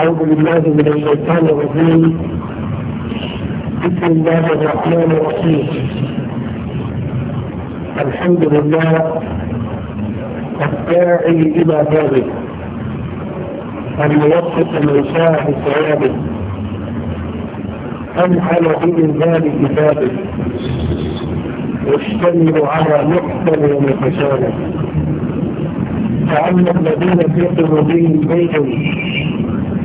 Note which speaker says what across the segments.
Speaker 1: أعوذ بالله من الشيطان الرجيم بسم الله الرحمن الرحيم الحمد لله الداعي إلى بابه الموفق من شاء ثوابه أنحل ذلك كتابه يشتمل على محكم ومتشابه فأما الذين في قلوبهم بيت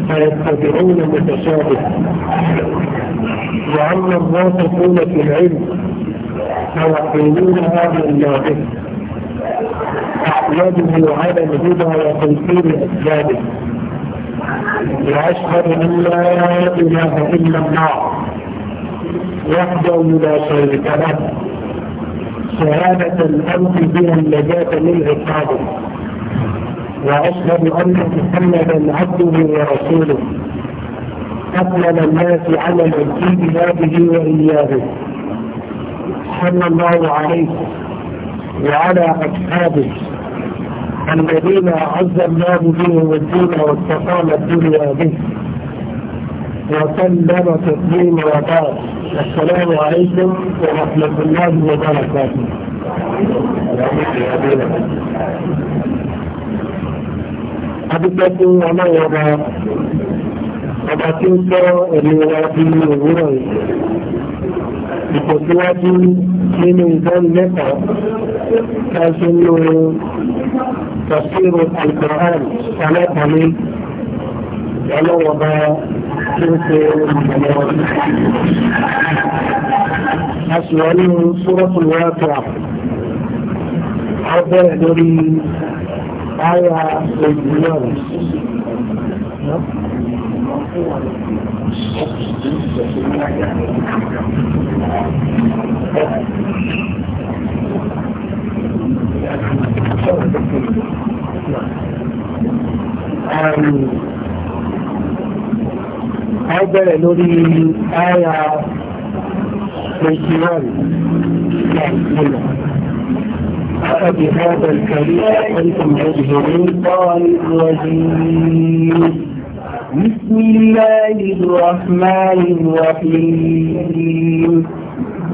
Speaker 1: فيتبعون متشابه وأما الراسخون في العلم فيقولون هذا الناقص أحمده على الهدى وتيسير أسبابه وأشهد أن لا إله إلا الله وحده لا شريك له شهادة أمضي بها النجاة من عقابه وأشهد أن محمدا عبده ورسوله أكمل الناس على في بلاده وإياه صلى الله عليه وعلى أصحابه الذين أعز الله بهم الدين واستقام الدنيا به وسلم تسليما وبارك السلام عليكم ورحمة الله وبركاته. adúpẹ́ tí wọ́n náà wọ́n bá ọba tí ń tọ́ ẹ̀mí wa bí òwúrọ̀ yìí ìtẹ̀síwájú nínú ìdánilẹ́kọ̀ọ́ tá a ṣe ń lo tafsir al-Qur'an alákọ̀ọ́lé ọlọ́wọ́ba tí ń ṣe ìmọ̀ a sì wọ́n nínú lórí آية للزيارة أبدأ لوري آية للزيارة فبهذا الكريم بسم الله الرحمن الرحيم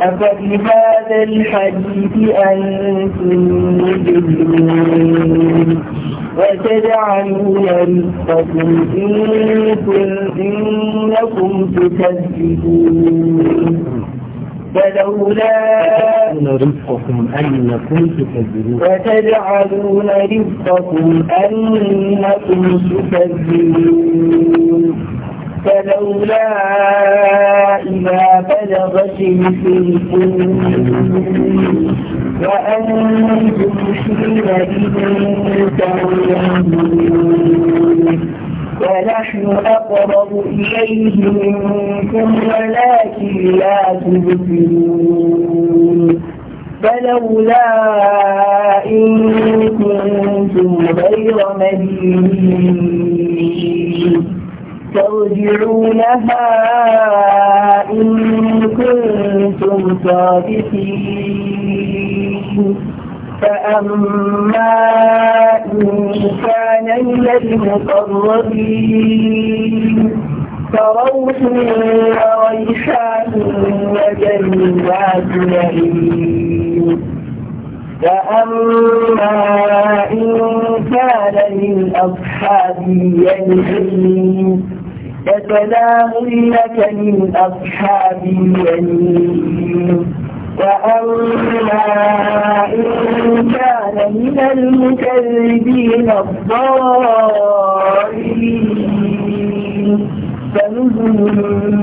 Speaker 1: أفبهذا الحديث أنتم مجرمون وتجعلون رزقكم إن إنكم تكذبون فلولا أن رزقكم أنكم تكذبون فتجعلون رزقكم أنكم تكذبون فلولا إذا بلغت مثلكم وأنتم حينئذ تعلمون ونحن أقرب إليه منكم ولكن لا تبصرون فلولا إن كنتم غير مدينين ترجعونها إن كنتم صادقين فأما إن كان من المقربين فروح وريحان وجنات نعيم فأما إن كان من أصحاب يمين فسلام لك من أصحاب يمين فأما إن كان من المكذبين الضالين فنزل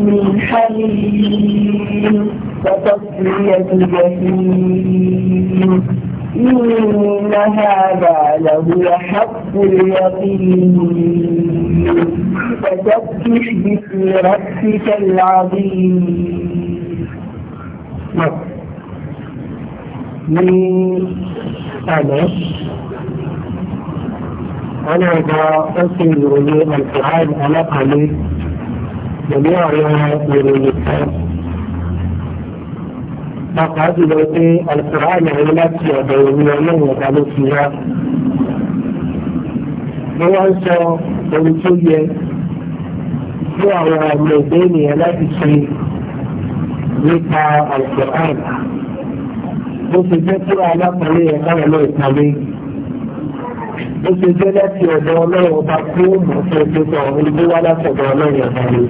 Speaker 1: من حميم وتصلية جحيم إن هذا لهو حق اليقين فسبح باسم ربك العظيم ní àná wọn náà gba ó ṣe ìròyìn alfahàn alákàlẹ pẹ̀lú àwọn ìròyìn kan pàápàá jùlọ pé alfahàn àwọn láti ọ̀dọ̀ ìròyìn ọlọ́run ọ̀dà ló fi wá wọ́n wá ń sọ ohun tó yẹ fún àwọn ọmọ ẹgbẹ́ ènìyàn láti ṣe nípa alfahàn bó ṣe jẹ́ kúrò alápẹ̀lẹ́ ẹ̀ka ẹ̀lọ́ ìpàdé bó ṣe jẹ́ láti ọ̀dọ̀ ọlọ́run ọba tó mọ̀ fẹ́ tó sọ ọ̀hún tó wá látọ̀dọ̀ ọlọ́run ọba rẹ̀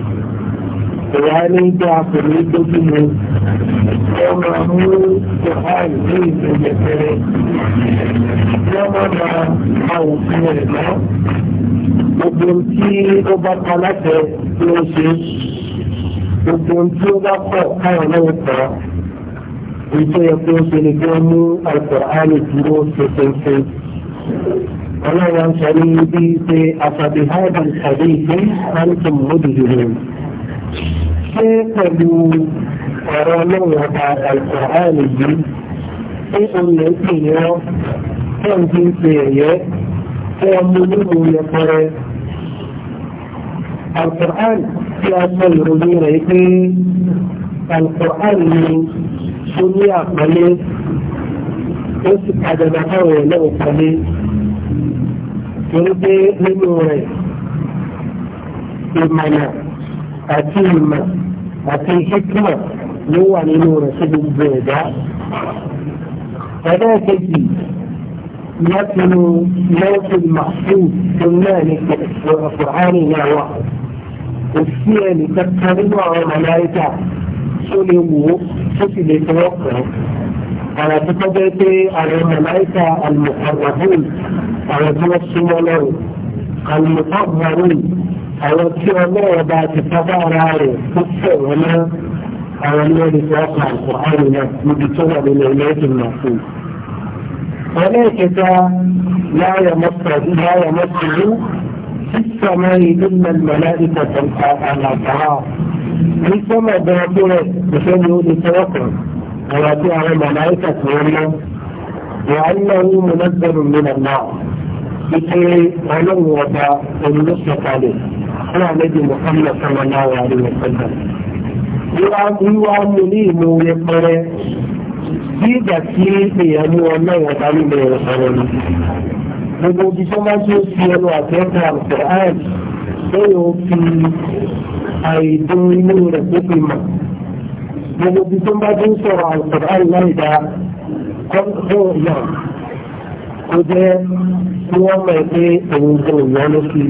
Speaker 1: ìwà ní ìjọ àpèlé dójú mi wọ́n máa mú ìhàn ní ìgbẹ̀jẹ̀ pẹ̀rẹ̀ wọ́n máa ma àwòfin rẹ̀ mọ́ gbogbo tí ó bá pa láti ló ṣe gbogbo tí ó bá pọ̀ káyọ̀ lọ́wọ́ pọ̀ ìjọ yẹ kó ṣe ni kó mú alukur'ani dúró ṣẹṣẹṣẹ. ọlọ́run sọ ní bí pé àfàbí haibu tàbí ìgbé hantum mọ́dìrì ṣé pẹ̀lú ọ̀rọ̀ ọlọ́run ọba alukur'ani yìí ṣé òun lè pè ní ọ́ tó ń fi ń ṣe ẹ̀yẹ́ tó ọmọ onímọ̀ yẹpẹrẹ. alukur'ani tí a sọ ìròyìn rẹ̀ pé alukur'ani ni. tó ní àpọ́nlé ó sì padàdà káwọn èèyàn náà pọ́nlé torí pé nínú rẹ̀ ìmọ̀nà àti ìmọ̀ àti hikma ló wà nínú rẹ̀ sí gbogbo ẹ̀dá. ẹ̀dá kejì مثل موت المحسوس كمان القرآن نوع السير تكترم على الملائكة tí ó lè wò ó tó sì lè tọwọ́ pọ̀ àwọn tó kọjá pé àwọn màláìka àlùmọ̀kàgbàhùn àwọn tí wọ́n súnmọ́ lọ́rùn àlùmọ̀kàgbàhùn àwọn tí ọlọ́run bá ti sábà ara rẹ̀ tó fẹ̀ wọ́n náà àwọn ní wọ́n lè tọwọ́ pọ̀ àkọ́ àrùn náà níbi tó wà nínú ilé ìdùnnú náà fún un. ولكذا لا يمس لا يمسه في السماء إلا الملائكة الأطراف ní sọ́mọ̀ ìdánwò rẹ̀ ìfẹ́ ni ó lè tọwọ́ kan àwọn tí àwọn màláìkà tí wọ́n mọ́ wàhálà ń mú lọ́gbẹ̀rún mìíràn náà ike ọlọ́run ọba olùsọ̀kalẹ̀ fún àlejò Muhammad sallallahu alaihi wa sallam. wíwá mú ní ìmú yẹpẹrẹ bí ìgbà tí èèyàn mú ọlọ́run ọba nílẹ̀ ọ̀sọ̀rọ̀ ni. gbogbo ibi tó bá tí fi ẹnu àtẹ́kọ̀ọ́ àìdún inú rẹ̀ tó fi mọ̀ gbogbo bí tó bá dín sọ̀rọ̀ àìsàn láì dá kọ́ńtò náà kó jẹ́ kí wọ́n mọ̀ pé òun tó ìyá ló fi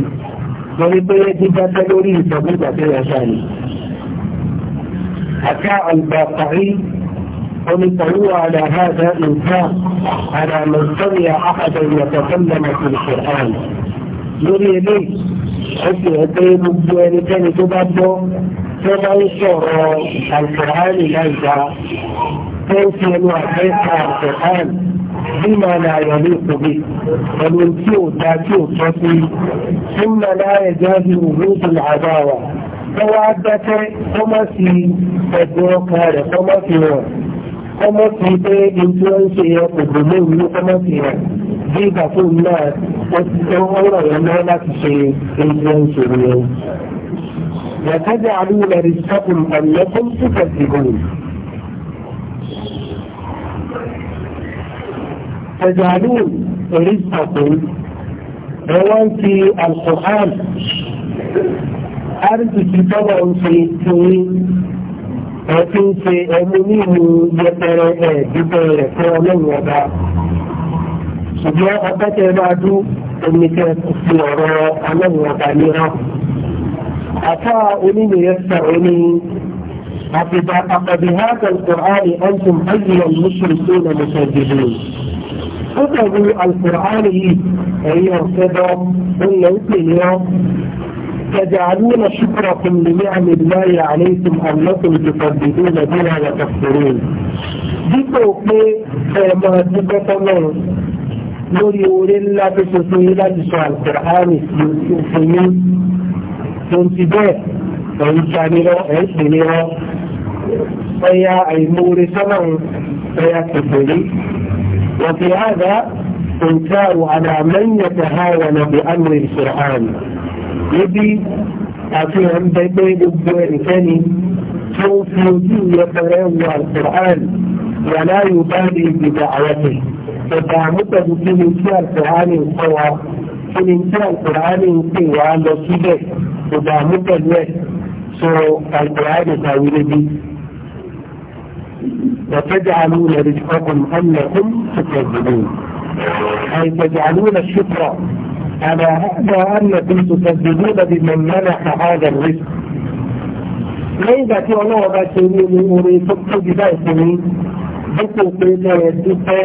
Speaker 1: lórí pé dídákẹ́ lórí ìtọ́jú ìgbà tó yẹ sáà ni. أتى الباقعي ونطلوا على هذا إنفاق على من سمع أحدا يتكلم في القرآن lórí eléyìí ó sì rẹ̀ pé gbogbo ẹnikẹ́ni tó bá gbọ́ tó bá ń sọ̀rọ̀ àìsàn láìda tó ń fi ẹnu àgbẹ̀ ka àìsàn bí máa na ayọ̀ ní ìkòbí pẹ̀lú tí ò da tí ò tọ́ sí tí ń máa náà ẹ̀jẹ̀ bí òwú tó là bá wà tó wá dákẹ́ tó má fi ẹ̀gbọ́n ọkàn rẹ̀ tó má fi hàn tó má fi pé ìtúwọ́n ṣe ọkọ̀ gbòmọ́ ìlú tó má fi hàn bí ìgbà tó ń náà wọ́n ti tẹ́ wọ́n rọ̀ yẹn lọ́wọ́ láti ṣe ẹgbẹ́ ìṣòro yẹn. Yàtọ̀jà àlùyìn lẹ́rìí sọ́kùn ọ̀nẹ́kùn tó tẹ̀sí gòlù. تجعلون رزقكم روانتي القرآن arziki tọ́wọ́ ń ṣe torí ẹ̀tí ń ṣe ẹni nínú yẹpẹrẹ ẹ̀ dúpẹ́ rẹ̀ fún ọlọ́run ọba ṣùgbọ́n ọgbà tẹ ẹ máa dún omi tẹ fi ọ̀rọ̀ ọlọ́run ọ̀gá mìíràn. àtà onímìíràn sọ̀rọ̀ ní àfìgbà àpàdé hàgà ìkùránì ọ̀tún ayé ọ̀mùsùn tó nà mùsàgbìlì. ó dàbí alkùránì yìí ẹ̀yìn ọ̀fẹ́ bọ́ ó lọ ń pè ní ọ́. تجعلون شكركم لنعم الله عليكم انكم تقدمون بها وتكفرون. dípò pé ẹ máa dúpẹ́ tọ́lọ́run لوريول لا تسويلا بسؤال القرآن يسويل تنتبه فانتعملوا اسمينيوا فيا اي موري سمعوا فيا تبولي وفي هذا تنكار على من يتهاون بأمر القرآن يبي أفهم بيبين الدوان سوف توفي يقرأ القرآن ولا يبالي بدعوته ìdààmúpọ̀ títí ní tí àkùránì ń kọ́ wa kí ni tí àkùránì ń pè wá lọ síbẹ̀ ìdààmú pẹ̀lú ẹ̀ so àkùránì tàwí lébi. وتجعلون رزقكم أنكم تكذبون أي تجعلون الشكر على هذا أنكم تكذبون بمن منح هذا الرزق lẹ́yìn ìgbà tí ọlọ́wọ́ bá ṣe ní orin tó tóbi báyìí fún mi dípò pé lọ́rẹ̀ dúpẹ́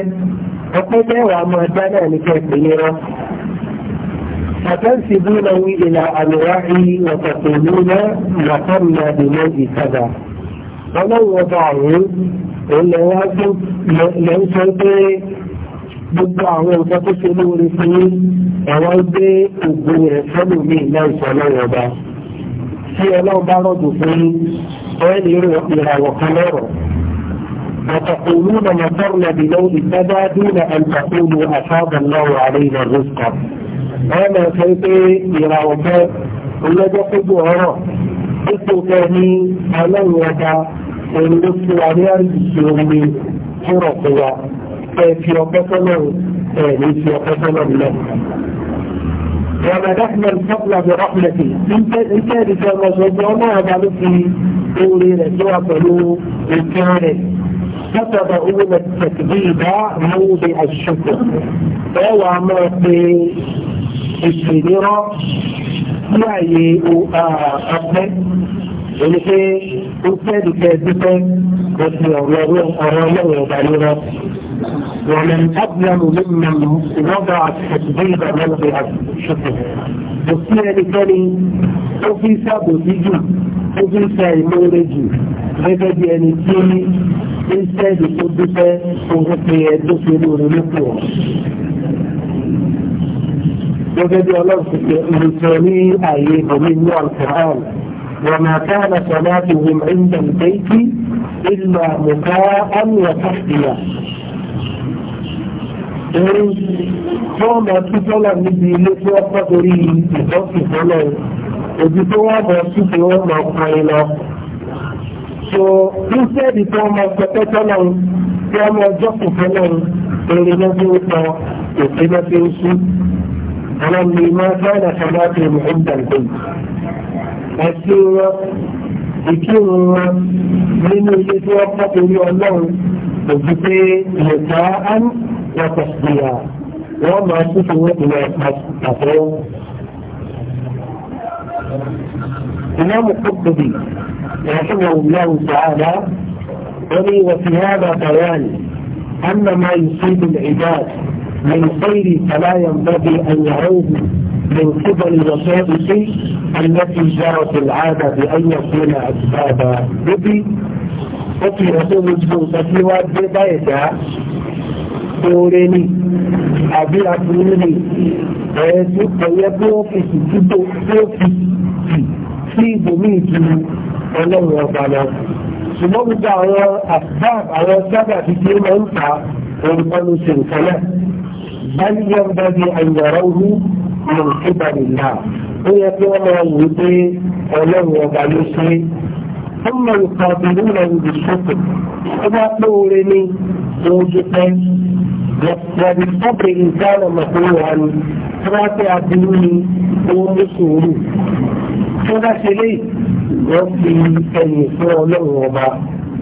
Speaker 1: ọpẹ́ mẹ́wàá máa dá náà ní kẹ́ẹ̀pẹ́ nírọ́. أتنسبونه إلى أنواعه وتقولون غفرنا بموت كذا ولو وضعه إلا واجب ليس gbogbo àwọn nǹkan tó ṣe lóore fún yí ẹ̀wọ́n gbé ògbó rẹ̀ sẹ́lù mí láìsọ lọ́wọ́ ọba tí ọlọ́run bá rọ̀dùn fún yí ẹ̀ lérò kan lọ́rọ̀ وتقولون نظرنا بنوء كذا دون أن تقولوا أفاض الله علينا الرزق أنا سيدي ولا تقول ولد قدو أرى قدو كاني ألوكا ونصر عليها الجوري فرقيا فيوكا سنو فيوكا الله ومدحنا الفضل برحمته انت رسالة وجوانا هذا مثل قولي رسوة قلوب الكارث كتب أولى التكذيب موضع الشكر فهو مرتي الشديرة يعني أبنى ولكن أبنى كذبا بس يوريون أرامي وبعيرا ومن أبنى ممن وضع التكذيب موضع الشكر بسيئة لكالي أفيسا بوديجو أفيسا إمولجي لكي يعني instead kó dúpẹ́ ohun pé ẹjọ́ fi ní orin lókè wọn. Gẹ́gẹ́ bí ọlọ́run ti ṣe ìrìnsọ ní ààyè ìbòmí ní Alkùnrán, wọ́n máa ká àlọ́ sọ̀rọ̀ láti wọ́n máa ń dàn déjì ìlú àmùká níbi ilé tí wọ́n pọ̀ torí ìtọ́sí sọ́lá ojú tó wá bọ̀ sí pé wọ́n máa lọ àjọ bíṣẹ́ẹ̀dì tí wọ́n máa gbẹ̀tẹ́ tọ́lọ̀ tí wọ́n máa jọ́kùn tọ́lọ̀ èrè náà tí ó tọ òfin náà tí ó sú. àwọn mi máa fẹ́ràn àṣàmáàtì mọ̀ọ́dà gbé. ẹ̀sìn wọn ìkírun wọn nínú ilé tí wọ́n kọ́ torí ọlọ́run kò ju pé ìyẹ̀tà án yàtọ̀ sí ìyà wọ́n máa tún fi wọ́n ìlẹ̀ àtọ́wọ́. لكنه الله تعالى ولي وفي هذا بيان أن ما يصيب العباد من خير فلا ينبغي أن يعود من قبل الوسائط التي جرت العادة بأن يكون أسباب بدي وفي رسول الله في واد بيتا أبي àbí ويسوك ẹ̀ẹ́dẹ́gbẹ̀yẹ́ bí ó fi sì ọlọ́run ọba lọ. ṣùgbọ́n gbogbo àwọn àbáb àwọn sábà ti di máa ń ta orúkọ ló ṣe nǹkan náà. báyìí yẹn bá di àyàrá orí ní ìkébàlì náà. ó yẹ kí wọ́n máa wò ó pé ọlọ́run ọba ló ṣe é. ثم يقابلونه بالشكر إذا طورني وجدت وبالصبر إن كان مكروها فلا تعدلني ومسؤولي tó bá ṣe lé wọ́n fi ẹnì fún ọlọ́run ọba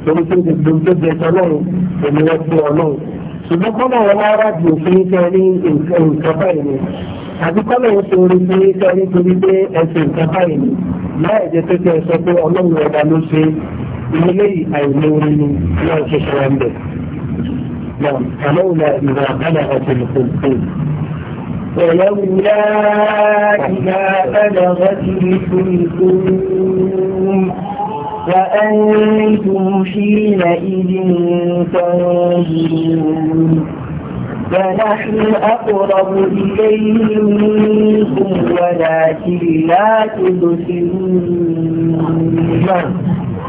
Speaker 1: torí pé gbogbo tó jẹ tọ́lọ́run èmi wọ́n fún ọlọ́run ṣùgbọ́n kọ́nà wọn wá rájì òfin tẹ ní nǹkan báyìí ni àti kọ́nà wọn tó rí pé tẹ nítorí pé ẹsẹ̀ nǹkan báyìí ni láì jẹ́ pé tẹ sọ pé ọlọ́run ọba ló ṣe ilé àìlóorin ni náà ṣe ṣe wọn bẹ̀. نعم فلولا إذا بلغت الحلقوم فلولا إذا بلغت الحلقوم فأنتم حينئذ تنظرون فنحن أقرب إليه منكم ولكن لا تبصرون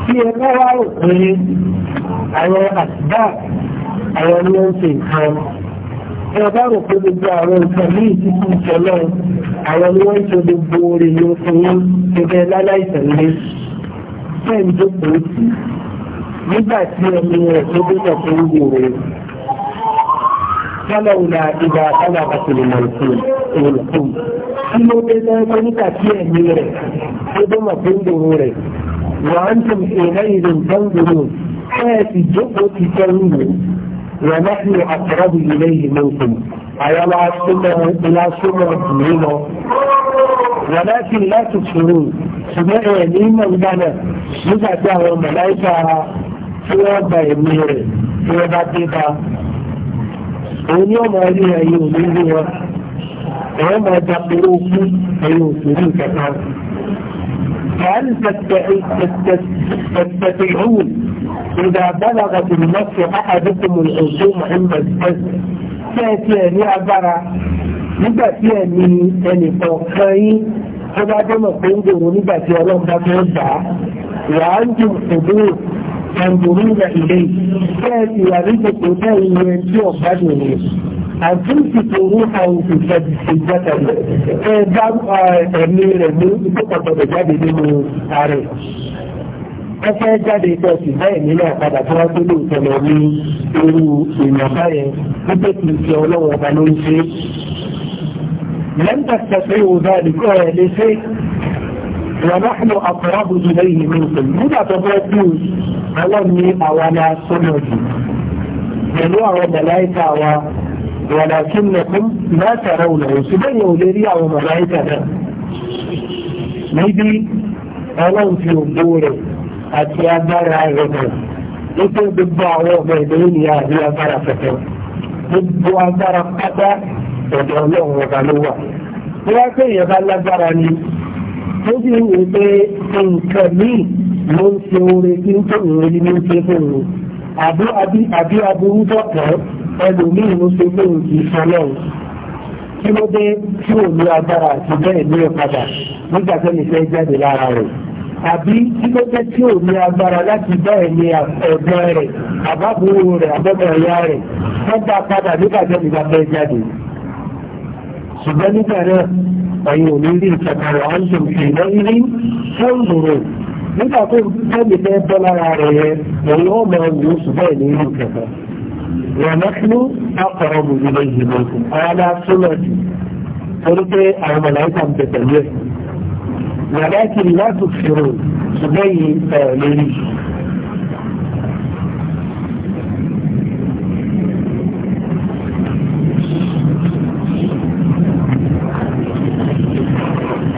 Speaker 1: في الرواية àwọn àtìbá àwọn ní ó ń ṣe ẹ bá rò pé gbogbo àwọn nǹkan ní ìsìnkú ìṣẹ̀lẹ̀ àwọn ni wọ́n ń ṣe gbogbo orí ní oṣù yín gẹ́gẹ́ láláìsàn lé fẹ́ ń jókòó sí nígbà tí ẹni rẹ̀ tó gbọ́dọ̀ tó ń wòrè kálọ̀ ìlà ìgbà alábà tó mọ̀ sí ìrìnkùn kí ló dé lọ́wọ́ nígbà tí ẹni rẹ̀ tó gbọ́dọ̀ tó ń wòrè rẹ̀ wà á ń tún ìrẹ́ ìrìn ونحن أقرب إليه منكم أي لا سمر إلى سمر منه ولكن لا تبصرون سمع يمين مجدنا نزع جاء الملائكة في ربا يمير في ربا ديبا ونيوم هذه أيوه منه وما تقلوك أيوه سرين كثير تستطيعون إذا بلغت النفس أحدكم العزوم عند الحزن تأتي أن أبرا nígbà tí ẹni ẹnìkan kan yín tó bá dé mọ̀ pé ń gbòòrò nígbà tí ọlọ́run bá fẹ́ gbà á wà á ń dùn òdú ẹ̀ǹdùnú ìgbà ilé bẹ́ẹ̀ sì wà ní gbogbo náà ìyẹn tí ọ̀gá dùn ní. àdúntì tó rú àwọn òṣìṣẹ́ ìjọba rẹ̀ ẹ bá ẹ̀mí rẹ̀ ní ìkókòtò rẹ̀ jáde nínú ààrẹ wọ́n fẹ́ jáde ìtọ́ sí báyìí nínú àpadà tí wọ́n tó lóòótọ́ lọ ní irú èèyàn báyẹn wípé kì í ṣe ọlọ́wọ́ ọba ló ń ṣe. lẹ́ńtà tẹ̀sí òòdà àdìgbò rẹ̀ lè ṣe ونحن أقرب إليه منكم nígbà tó bọ́ kú àwọn ní àwa la sọ́nà jù pẹ̀lú àwọn mẹ̀láìkà wa ولكنكم لا ترونه ṣùgbọ́n yóò lè rí àwọn mẹ̀láìkà náà níbi ọlọ́run fi ògbó rẹ̀ àti agbára ẹ̀rọ nítorí gbogbo àwọn ọmọ ìlú ènìyàn àti agbára pẹ̀tẹ́ gbogbo agbára pátá ọ̀dọ̀ ọlọ́run ọba ló wà. wọ́n wá pé èèyàn bá lágbára ni ó sì ń wò pé nǹkan míì ló ń ṣe oore tí ń tó ìwé ní ń ṣe fún un àbí àbí aburú tọ̀tọ̀ ẹlòmíì ló ṣe fún un kì í sọ kí ló dé tí ò ní agbára àti bẹ́ẹ̀ ní ọ̀padà nígbà tó lè fẹ́ jáde lára rẹ̀ àbí tí ló jẹ́ tí ò ní agbára láti bá ẹ̀mí ẹ̀gbọ́n rẹ̀ àbábòrò rẹ̀ àbọ̀bọ̀ ẹ̀yà rẹ̀ wọ́n bá padà nígbàjọ́ ìgbà bẹ́ẹ̀ jáde. ṣùgbọ́n nígbà náà ẹ̀yin ò ní rí ìṣàkàrọ̀ àńṣòm sí iná rí fún ìgbòrò nígbà tó tẹ́lẹ̀ fẹ́ bọ́ lára rẹ̀ yẹ òun ó mọ ìlú ṣùgbọ́n ìlú ìlú kẹfẹ́. rọ̀nàkínú akọ̀rọ̀ bùrù lè yìí lókun ara lá ولكن لا تبصرون سبي آه، ليلي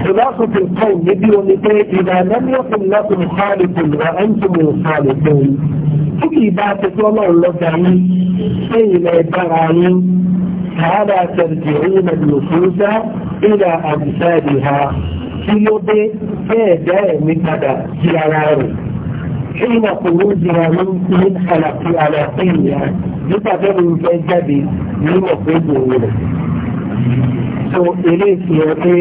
Speaker 1: خلاصة القول يقول إذا لم يكن لكم خالق وأنتم خالقون كل باتت وما الله إلى إبراهيم فلا ترجعون النصوص إلى أمثالها kí ló dé bẹ́ẹ̀ bẹ́ẹ̀ mi padà sí ara rẹ̀ حين خروجها من حلق على حينها بتقدر مجدد من وجوده so eléyìí fi hàn pé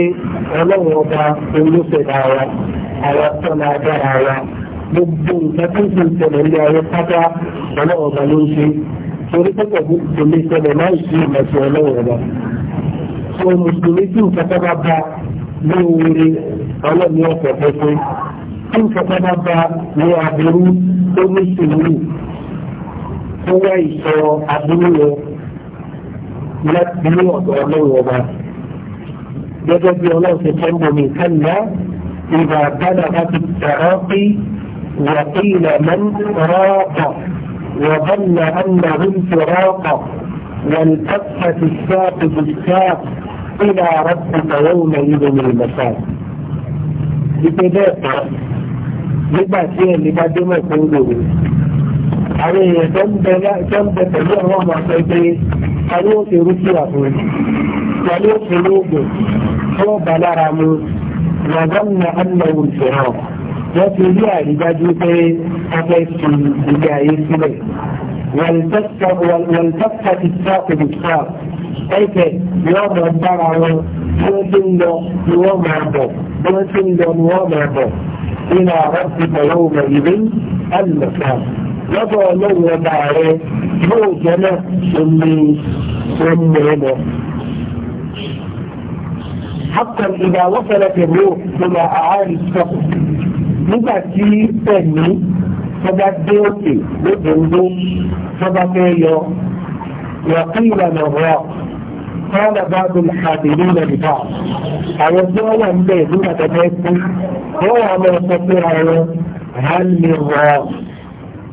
Speaker 1: ọlọ́run ọba olóṣèlú ara ara tọ́lá agbára ara gbogbo nǹkan tó ti ń ṣẹlẹ̀ ní ayé pátá ọlọ́run ọba ló ń ṣe torí pẹ́pẹ́ kò lè ṣẹlẹ̀ láì sí ìmọ̀sí ọlọ́run ọba. so mùsùlùmí tí nǹkan ní oore ọlọ́ni ọ̀pọ̀ pẹ́pẹ́ tí nǹkan bá bá ní aburú tó ní sùúrù tó wá ìsọ aburú rẹ láti ní ọ̀dọ̀ ọlọ́run ọba gẹ́gẹ́ bí ọlọ́run ṣe fẹ́ ń bomi kánìyà ìgbà àbádà bá ti tẹ̀rọ pé وقيل من راق وظن أنهم فراق والتفت الساق بالساق إلى ربك يومئذ المسار ìpè bẹ́ẹ̀ pa nígbà tí ẹni bá dé mẹ́kọ̀ọ́ ń lòrò àwọn èèyàn tó ń bẹ pẹ̀lú àwọn ọmọ àpẹ pé ta ni ó fi rúkú àfún ta ni ó fi lóògùn tí wọ́n bá lára mu nàgbọ́nà ànàwò ìfẹ̀hàn wọ́n ti rí àrídájú pé a fẹ́ fi ilé ayé sílẹ̀ wọ́n tẹ́tà ti sáà kò ní sáà ẹ̀kẹ́ ni wọ́n máa bára wọn bí wọ́n ti ń lọ ni wọ́n máa bọ̀ bí wọ́n ti ń lọ ni wọ́n máa bọ̀ nínú àwọn ti bẹ̀rẹ̀ òun ìlú àlùmọ̀ká lọ́dọ̀ ọlọ́run ọba rẹ yóò jẹ́ náà omi omi ẹ̀rọ. حتى إذا وصلت الروح إلى أعالي السقف nígbà tí ẹ̀mí tọ́ba dé òkè lóde ń dún tọ́ba fẹ́ yọ yọ ìlànà rọ̀ قال بعض الحاكمين لبعض أولا به دون تباكي هو ما يستطيع هل من راس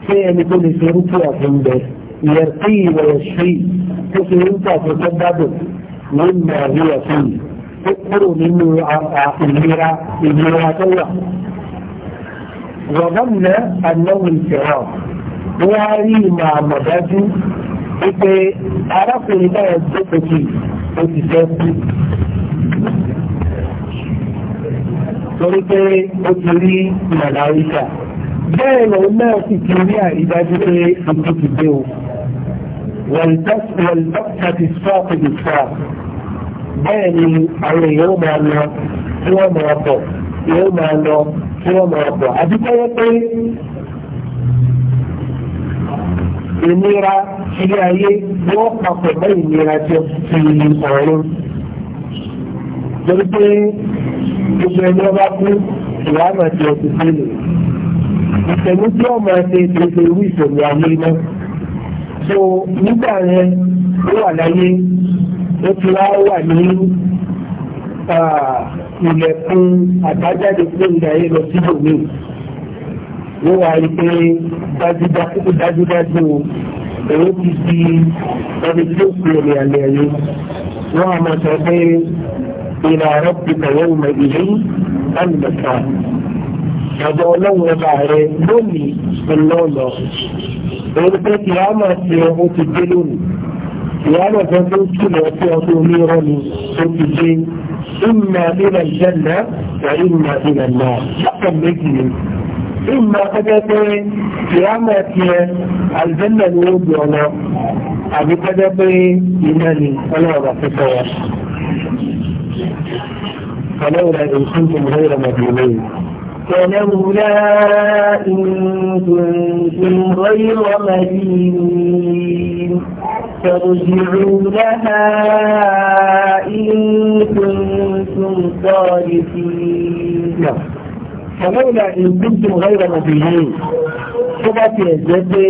Speaker 1: فعل كل سيرتي أفنده يرقي ويشفي تسيرت أفنده مما هي فيه تكبر منه الهيرة الهيرة الله وظن أنه الفراق وعلي مع مدد wípé arákùnrin náà jókòtì ó ti fẹ́ kú. torí pé ó ti rí màláríkà bẹ́ẹ̀ lòun náà sì ti rí àrídájú pé ojú ti dé o. wọ̀lùdọ́kítà ti sọ́ọ̀kì ti sọ́ọ̀kì bẹ́ẹ̀ ni àwọn èèyàn máa lọ tí wọ́n máa bọ̀ tí wọ́n máa lọ tí wọ́n máa bọ̀ àdúgbò yẹn pé ìnira ilé ayé wọ́n papọ̀ mọ́ ìnira tí ó fi ọ̀run. Lórí pé gbogbo ẹni ọba kú ìwà àmà tí ó ti fi lè. Ìṣẹ̀lú tí ó máa ṣe gbogbo irú ìṣẹ̀lú ayé náà. So nígbà yẹn ó wà láyé ó ti wá wà ní ilẹ̀kùn àbájáde fún ìdáyé lọ sí ìlú wọ́n wà rí pé dájúdájú èyí ti di ẹni tí ó fi omi àlẹ́ ẹ̀yẹ wọ́n á máa sọ pé ìlà rọ́pì kàwé ìmọ̀ ìlú àlùmọ̀ta àjọ ọlọ́run ọba rẹ lónìí ìlọ́ọ̀lọ́ èyí pé kì á máa ṣe ó ti dé lónìí ìyáàlọ̀ kan tó kìlọ̀ sí ọdún onírọ́ ni ó ti dé ìmọ̀ ìlà ìjẹ́nà ìmọ̀ ìlà náà lápẹ̀ méjì ni ìmọ̀ pẹ́pẹ́ pé ìyámọ̀ ti ẹ alìjẹ́nà ni ó bí ọ̀nà àbí pẹ́pẹ́ pé iná ni فلولا إن كنتم غير مدينين فلولا إن كنتم غير مدينين ترجعونها إن كنتم صادقين àlọ́ìlà ìgbìntìn ọ̀rọ̀ ọ̀bìnrin tó bá ti ẹ̀jẹ́ pé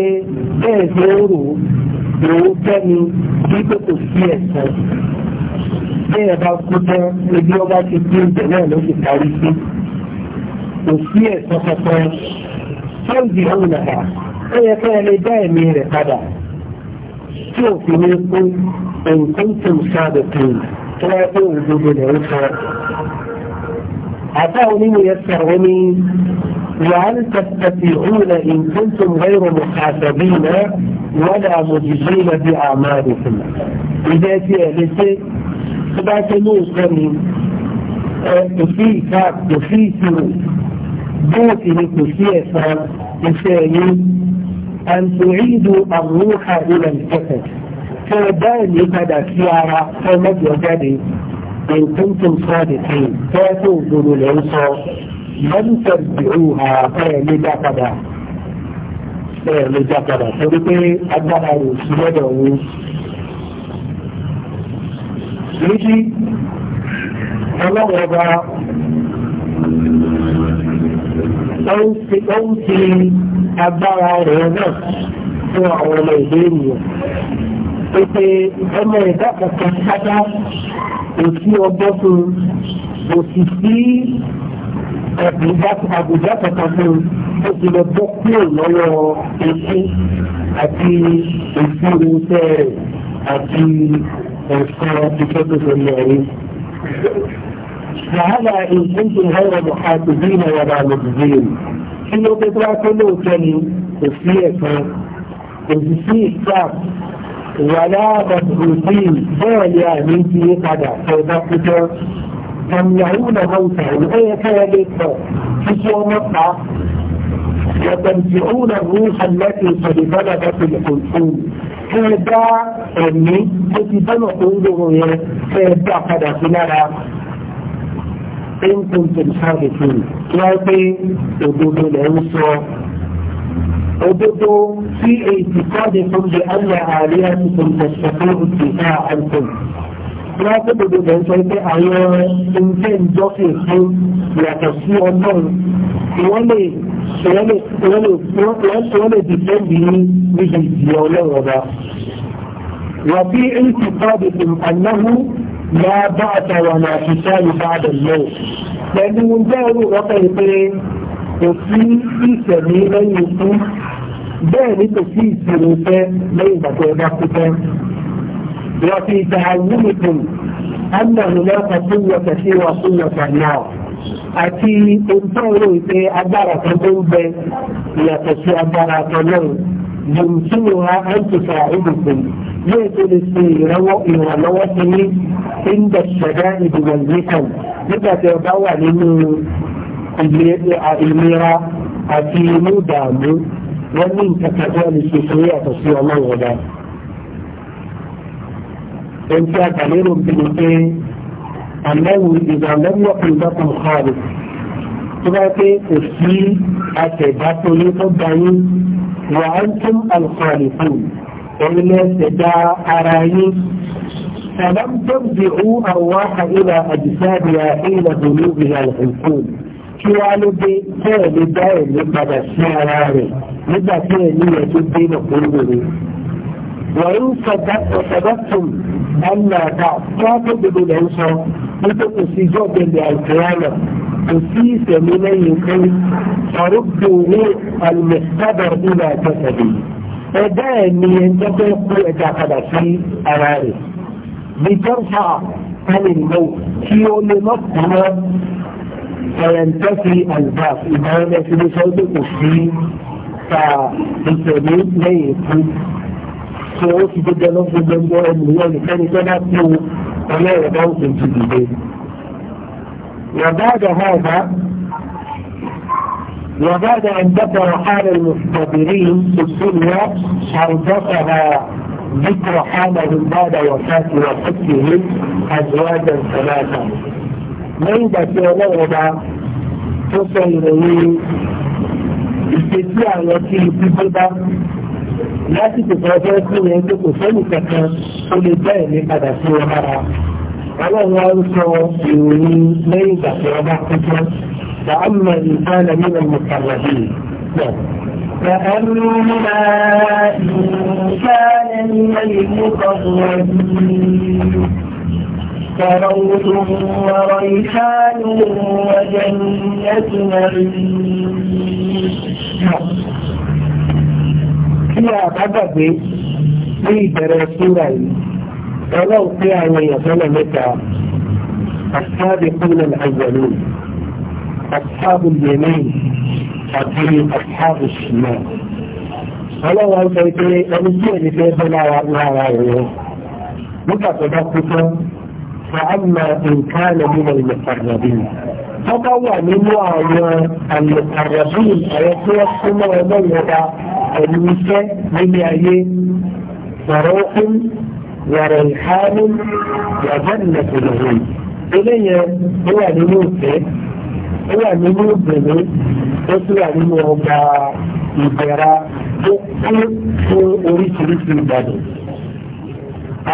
Speaker 1: bẹ́ẹ̀ tí ó rò lòó fẹ́ni bí pé kò sí ẹ̀sẹ̀ bẹ́ẹ̀ bá kú tán ebi ọba ti gbé ìjẹ̀ náà ló sì parí sí kò sí ẹ̀sẹ̀ kankan fáìlì ọ̀hún nàá ó yẹ kí ẹ lè dá ẹ̀mí rẹ̀ padà tí òfin ní kú ẹ̀ǹkóńtò sáà dọ̀tún tó wáyé pé òdodo rẹ̀ ń sọ أتوني ميسرني وهل تستطيعون إن كنتم غير محاسبين ولا مجزين بأعمالكم إذا تألسي سبعه نوصل في كاب في سنو بوتي لكسيسا تسالي أن تعيدوا الروح إلى الجسد فذلك ذكيارا فمجد ذلك إن كنتم صادقين فاتوا ذو العصى لن ترجعوها فعلدا قدا فعلدا قدا فرقي أدنى رسول دعوه méjì ọlọ́wọ́ba ó ń fi agbára rẹ̀ náà fún àwọn ọmọ ìgbé ènìyàn pépé ọmọ ẹ̀dá kankan pátá òsì ọgbọ́n fún òsì sí àbùdá kankan fún ó ti lọ bọ́ kúrò lọ́wọ́ etí àti èsì irúnṣẹ́ rẹ̀ àti ẹ̀sán iṣẹ́ tó ṣe lọ rí. Wàhálà ìpínlẹ̀ ọ̀rọ̀ mọ̀kàtìbí ìnáwó àlùbíyìn kí ló dé tó wá tó lóòótọ́ ni kò sí ẹ̀sán kò sì sí ìsáàpù wàlá bàtùrùdí bẹ́ẹ̀ ni àmì ti yí padà ọ̀dá púpọ̀ tàmìyàwó na hausa ẹ̀yẹ kẹ́yẹ lè tọ̀ títí ọmọ pa yàtàmìyàwó rúhà láti ìsọ̀dẹ̀ bọ́lá bá fi lẹ́kọ̀ọ́ kẹ́ bá ẹ̀mí tó ti bọ́nà tó ń lòrò yẹn kẹ́ bá padà sí lára ẹ̀ńkùn tó ń sáré fún wáyé pé òdodo lẹ́ sọ òdodo sí èyí jáde fún bí alẹ́ ààrẹ àtúntò ìtẹ̀sẹ̀kọ́ ìtẹ̀sẹ̀ àìsàn. Wọ́n tó gbogbo rẹ̀ sọ pé àwọn oúnjẹ ìjọsìn fún yàtọ̀ sí ọlọ́run. Wọ́n lè wọ́n lè dìtẹ́ǹdì níbi ìdí ọlọ́run ọba. Wọ́n fi èyí jáde fún ànáhù máa bá àtàwọn àṣìṣe àlùbáàdàn náà. Pẹ̀lú oúnjẹ ìrù ọ̀pẹ̀ ìpínlẹ̀ kò sí ìṣẹ̀mí lẹ́yìn ikú bẹ́ẹ̀ ni kò sí ìṣẹ̀mí fẹ́ lẹ́yìn ìgbà tó ẹ bá kú fẹ́. وفي تعلمكم أن هناك قوة سوى قوة النار àti ìtọ́rọ ìpé agbára kan tó ń bẹ ìyàtọ̀ sí agbára kan náà yìí tí ó ha àìsíkà ìdìbò yóò tó lè ṣe ìrànlọ́wọ́ sí ní ìndẹ̀ṣẹ̀dá ìdìbò nìkan nígbà tí ọba wà nínú ìlera àti inú dààmú wọ́n ní ìtàkàjọ́ lè ṣe fún yàtọ̀ sí ọlọ́run ọba ẹni tí a kàlérò bí i pé àmẹ́wò ìgbàlẹ́wọ̀ pé ìgbàkan kọ́ọ̀lù tó bá pé kò sí àtẹ̀dá tó ní tó gbà yín wà á ń tún alùpàlù fún ẹni lẹ́sẹ̀ dá ara yín فلم ترجعوا أرواح إلى أجسادها حين ذنوبها الحلقون kí wá ló dé bẹ́ẹ̀ lè dá ẹ̀mí padà sí ara rẹ̀ nígbà tí ẹ̀mí rẹ̀ tó dé lọ́kùnrin wọ̀nyí sọ̀dọ̀tùm ẹ̀nàdà tó àtòdodo lẹ́ ń sọ nípa kò sí ijó ọ̀gbẹ̀lẹ̀ àìkúránà kò sí ìsẹ̀mí lẹ́yìn pé ọ̀rọ̀gbìn ní àlùmẹ̀sábẹ̀ nínú àjọṣẹ̀lẹ̀ ẹ̀dá ẹ̀mí ẹ̀ńtọ́ fẹ́ kú ẹ̀dá padà sí ara rẹ̀ bí tọ́sà ẹni kí ó lè mọ́kànlá فينتفي البعض إذا هنا في بسبب الشيء فالتمييز لا يكون صوت جدا لفظ الجنبوع المليون الثاني تنقل ولا في الجديدين وبعد هذا وبعد أن ذكر حال المستبرين في الدنيا أردفها ذكر حالهم بعد وفاة وحكهم أزواجا ثلاثة lẹ́yìn ìgbà tí ọlọ́wọ́ bá tó sọ ìròyìn ìṣesí àwọn tí ibi tó bá lásìkò tó ọjọ́ sí yẹn tó kò sẹ́yìn kankan tó lè bá ẹ̀mí padà sí wọn lára. ọlọ́run wa sọ ìròyìn lẹ́yìn ìgbà tí ọba tuntun فأما الإنسان من المقربين فأما إن كان من المقربين روض وريحان وجنة نعيم Kí a bá gbàgbé ní ìbẹ̀rẹ̀ súra yìí, ọlọ́run pé àwọn èèyàn sọ́nà mẹ́ta, àṣáàbì kúrò àgbẹ̀lú, àṣáàbù yẹ̀mẹ́yìn àti àṣáàbù ṣìmọ̀. Ọlọ́run sọ pé ẹni tí ẹni fẹ́ bọ́ lára ìrọ̀. Nígbà tó bá kú tán, فأما إن كان من المقربين فطوى من وعلى المقربين أيضا السماء ميتا الميسى من يأيين فروح وريحان وجنة لهم إليه هو لنوسى هو لنوسى وسوى لنوسى ìbẹ̀ra tó kú fún oríṣiríṣi ìgbàdùn.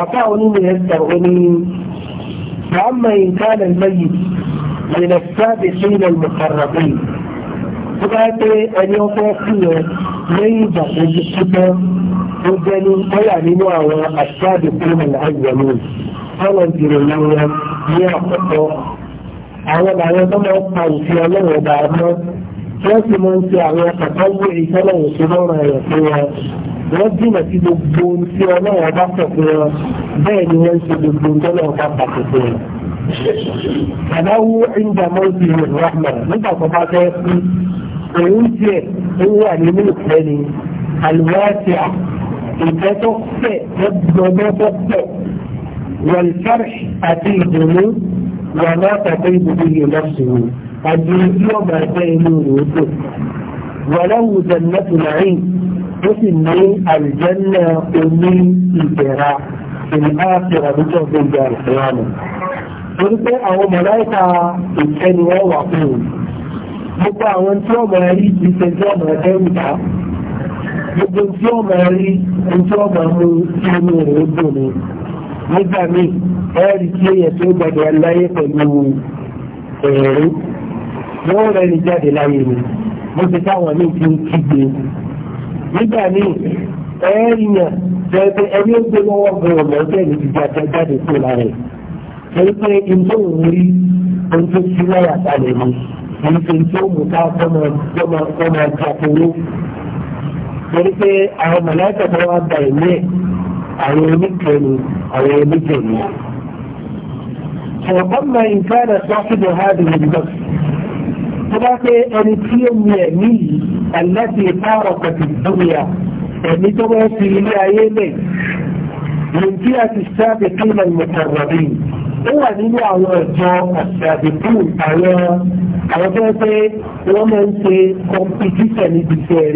Speaker 1: Àfáà onímọ̀ فأما إن كان الميت من السابقين المقربين فقالت أن يوفي ليس الجسد وجنين ويعني هو السابقين الأولين فلن تريدون يأخذوا على àwọn tó máa pa òfin ọlọ́run ọba àmọ́ wọ́n sì máa ń ṣe àwọn àtàkọ́wé wọ́n jìnà sí gbogbo ohun tí ọlọ́run bá sọ pé wọn bẹ́ẹ̀ ni wọ́n ń ṣe gbogbo ohun tọ́lọ́run bá pàṣẹ pé wọn. Àdáwó ìdààmú ti rẹ̀ ráhùnà nígbà tó bá fẹ́ kú. Òun tiẹ̀ ó wà nínú ìfẹ́ ni àlùwáṣíà ìfẹ́ tó fẹ̀ lọ́gbọ́n tó pọ̀. Wọ̀lùfẹ́rẹ̀ àti ìdùnnú wà látàkọ́ ibùdó yìí lọ́sùn. Àjùmọ̀ tí ọ̀gbà ẹgbẹ́ inú rẹ̀ ó dùn. Wọ̀lọ́wù jannatu na'im ó sì ní àlùjànnà oní ìbẹ̀ra ìlàáfíà lọ́jọ́ gbogbo àlùfẹ́ràn torí pé àwọn mọ̀láìka ìkẹni wọ́n wà fún un gbogbo àwọn tí ó mọ̀ rí ìṣe tí ó mọ̀ ẹ̀rù bá gbogbo tí ó mọ̀ rí tí ó mọ̀ mú inú rẹ̀ dùn ni nígbà míì ẹ̀rì tí èyẹ tó gbọdọ̀ láyé pẹ̀lú ẹ̀rù wọ́n rẹ̀ ní jáde láyé ni mo ti táwọn míì ti ń kígbe nígbà míì ẹ̀ẹ́yàn tẹ́ẹ̀tẹ́ ẹni ó gbé lọ́wọ́ gan ọ̀nà ọ̀tẹ́ ní ti jáde tó lára ẹ̀ torí pé ìjọ òun rí ohun tó ti láyà kalẹ̀ ni èyí tó ń tó mú ká kọ́mọ jákòó torí pé àwọn mọ̀láìkà tó wá gba ìlú ẹ̀ àwọn oníkẹ́ni àwọn oníkẹ́ni. فأما إن كان صاحب هذه tó bá pé ẹni tí ó ní ẹ̀mí yìí aláti ìpáàrọ̀ pẹ̀tù dúnìyà ẹ̀mí tó bá fi ilé ayé lẹ̀ lèntí àti sáàbì kílẹ̀ mọ̀tàrọ̀bì ó wà nínú àwọn ẹ̀jọ́ àṣàbìkú àwọn àwọn tó pé wọ́n máa ń ṣe kọmpitíṣẹ̀ níbi iṣẹ́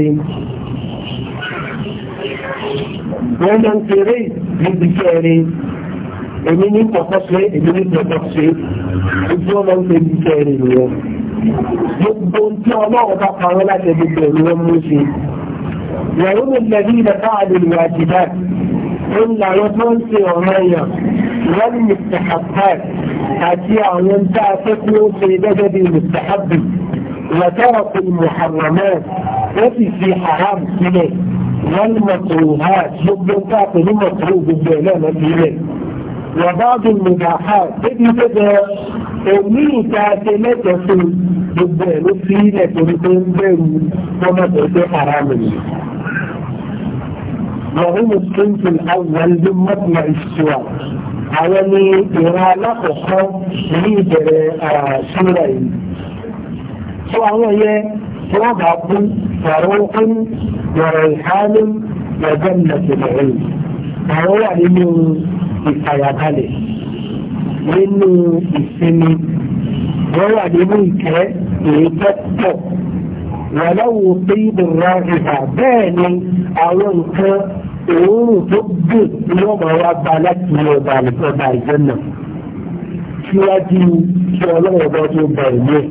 Speaker 1: wọ́n máa ń ṣeré níbi iṣẹ́ èmi ní pọ̀pọ̀ ṣe èmi ní pọ̀pọ̀ ṣe ojú ọmọ ń ṣe níbi iṣẹ́ nìyẹn. gbogbo tí ọlọ́run bá pa wọn láti gbogbo ẹ̀rù wọn mú ṣe yàrá ìlẹ̀bí ilẹ̀ káàdì ìwà jìdá ń làwọn tó ń ṣe ọ̀rọ̀ èèyàn wọ́n ní mustahab àti àwọn tá a fẹ́ kí ó ṣe gẹ́gẹ́ bí mustahab وترك المحرمات وفي في حرام سنة والمكروهات يبقى تاكل مكروه بالجلالة الإله وبعض المجاحات ابن كده امي تاتلت يسول بالبال السينة كنتم بين وما تأتي حرام وهم الصنف الأول بمطمع السواق حوالي إرالق خوف ليدر آه، سورين فهو هي فوق عبد فروق وريحان وجنة العلم فهو علم يعني ìfàyàbalẹ̀ nínú ìsinmi wọ́n wà nínú ìkẹ́ èyí tó pọ̀ wàláwò pé ìdùnnà ìhà bẹ́ẹ̀ ni àwọn nǹkan òórùn tó gbè ní ọmọ wa ba láti ilé ọba àlùfọ́ba ìjọ́nà síwájú kí ọlọ́run ọba tó bá ìlú ẹ̀.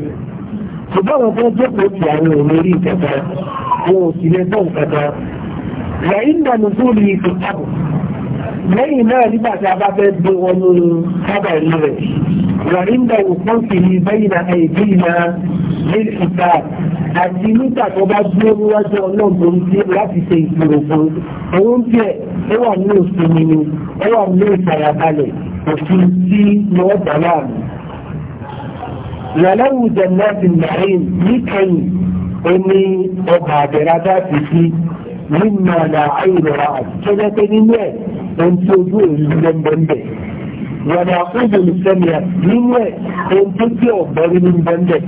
Speaker 1: ṣùgbọ́n àwọn ọba jókòó ti àwọn òní ìkẹta wọn ò sì lè bọ́ ìkẹta. làyín dànù fún mi ìfẹ́ tábù lẹ́yìn náà nígbà tí a bá fẹ́ gbé wọnú sábà ìlú rẹ̀ wàríńdà òkú sì ní bẹ́yìn náà èdè ìlà ní ìta àti nígbà tó bá gbé níwájú ọlọ́gbọ̀n tí láti ṣe ìpòrògbò òun jẹ́ ó wà ní òsinmi ni ó wà ní ìfàyàbalẹ̀ òfin tí lọ́ọ́ dà láàmú. ìyàlẹ́wù jẹ̀nẹ́ẹ̀tì nàìjíríà níkẹyìn ó ọgbà àbẹ̀rẹ̀ adáàtì sí nígbà náà àìrọ̀ra àti tó ohun tí ojú òní ń bẹ́ ń bẹ́ ń bẹ́ wọ̀nà àkójọ ìsẹ́mìà nínú ẹ̀ ohun tó tí ọ̀gbẹ́rí ní ń bẹ́ ń bẹ́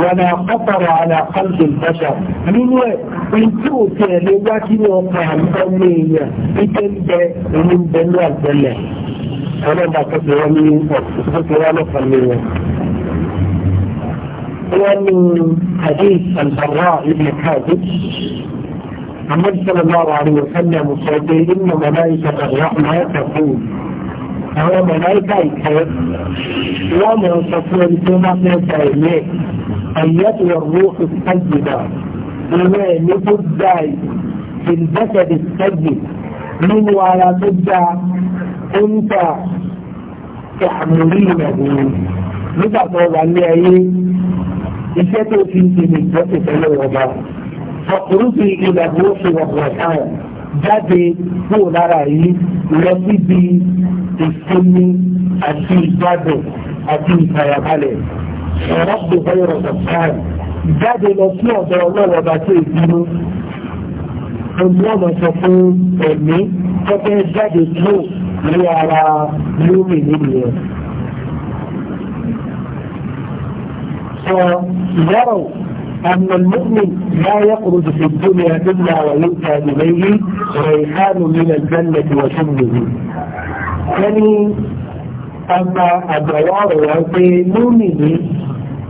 Speaker 1: wọ̀nà àkọ́kọ̀rọ̀ àlà àkọ́jọ ìbáṣà nínú ẹ̀ ohun tí ò tẹ̀ lé wá kí ní ọkàn ní èèyàn títẹ́ ń bẹ òní àgbẹ̀lẹ̀ ọlọ́ba محمد صلى الله عليه وسلم وصوته إن ملائكة الرحمة تقول هو ملائكة الكيف ومن صفوه لكما قلت إليه أيات الروح السجدة إلى أن في البشر السجد من ولا تبدا أنت تحملينه متى تقول عني أيه إشتو في سنة بس تلو وضعه ọkùnrin ìlà burúkú ọ̀pọ̀ táwọn jáde kúrò lára yìí lọ síbi ìsinmi àti ìgbádùn àti ìfàyàbalẹ̀ ọ̀rọ̀ gbogbo ọ̀rọ̀ sọ̀tàn jáde lọ sí ọ̀dọ̀ ọlọ́wọ́ bá tó ìdúró ojú ọ̀nà sọ fún ẹ̀mí tó fẹ́ jáde tó ní ara lórí nìyẹn. sọ ìyára أن المؤمن لا يخرج في الدنيا إلا وإنتى لديه ريحان من الجنة وشمه يعني أما أدوار وفي مؤمنه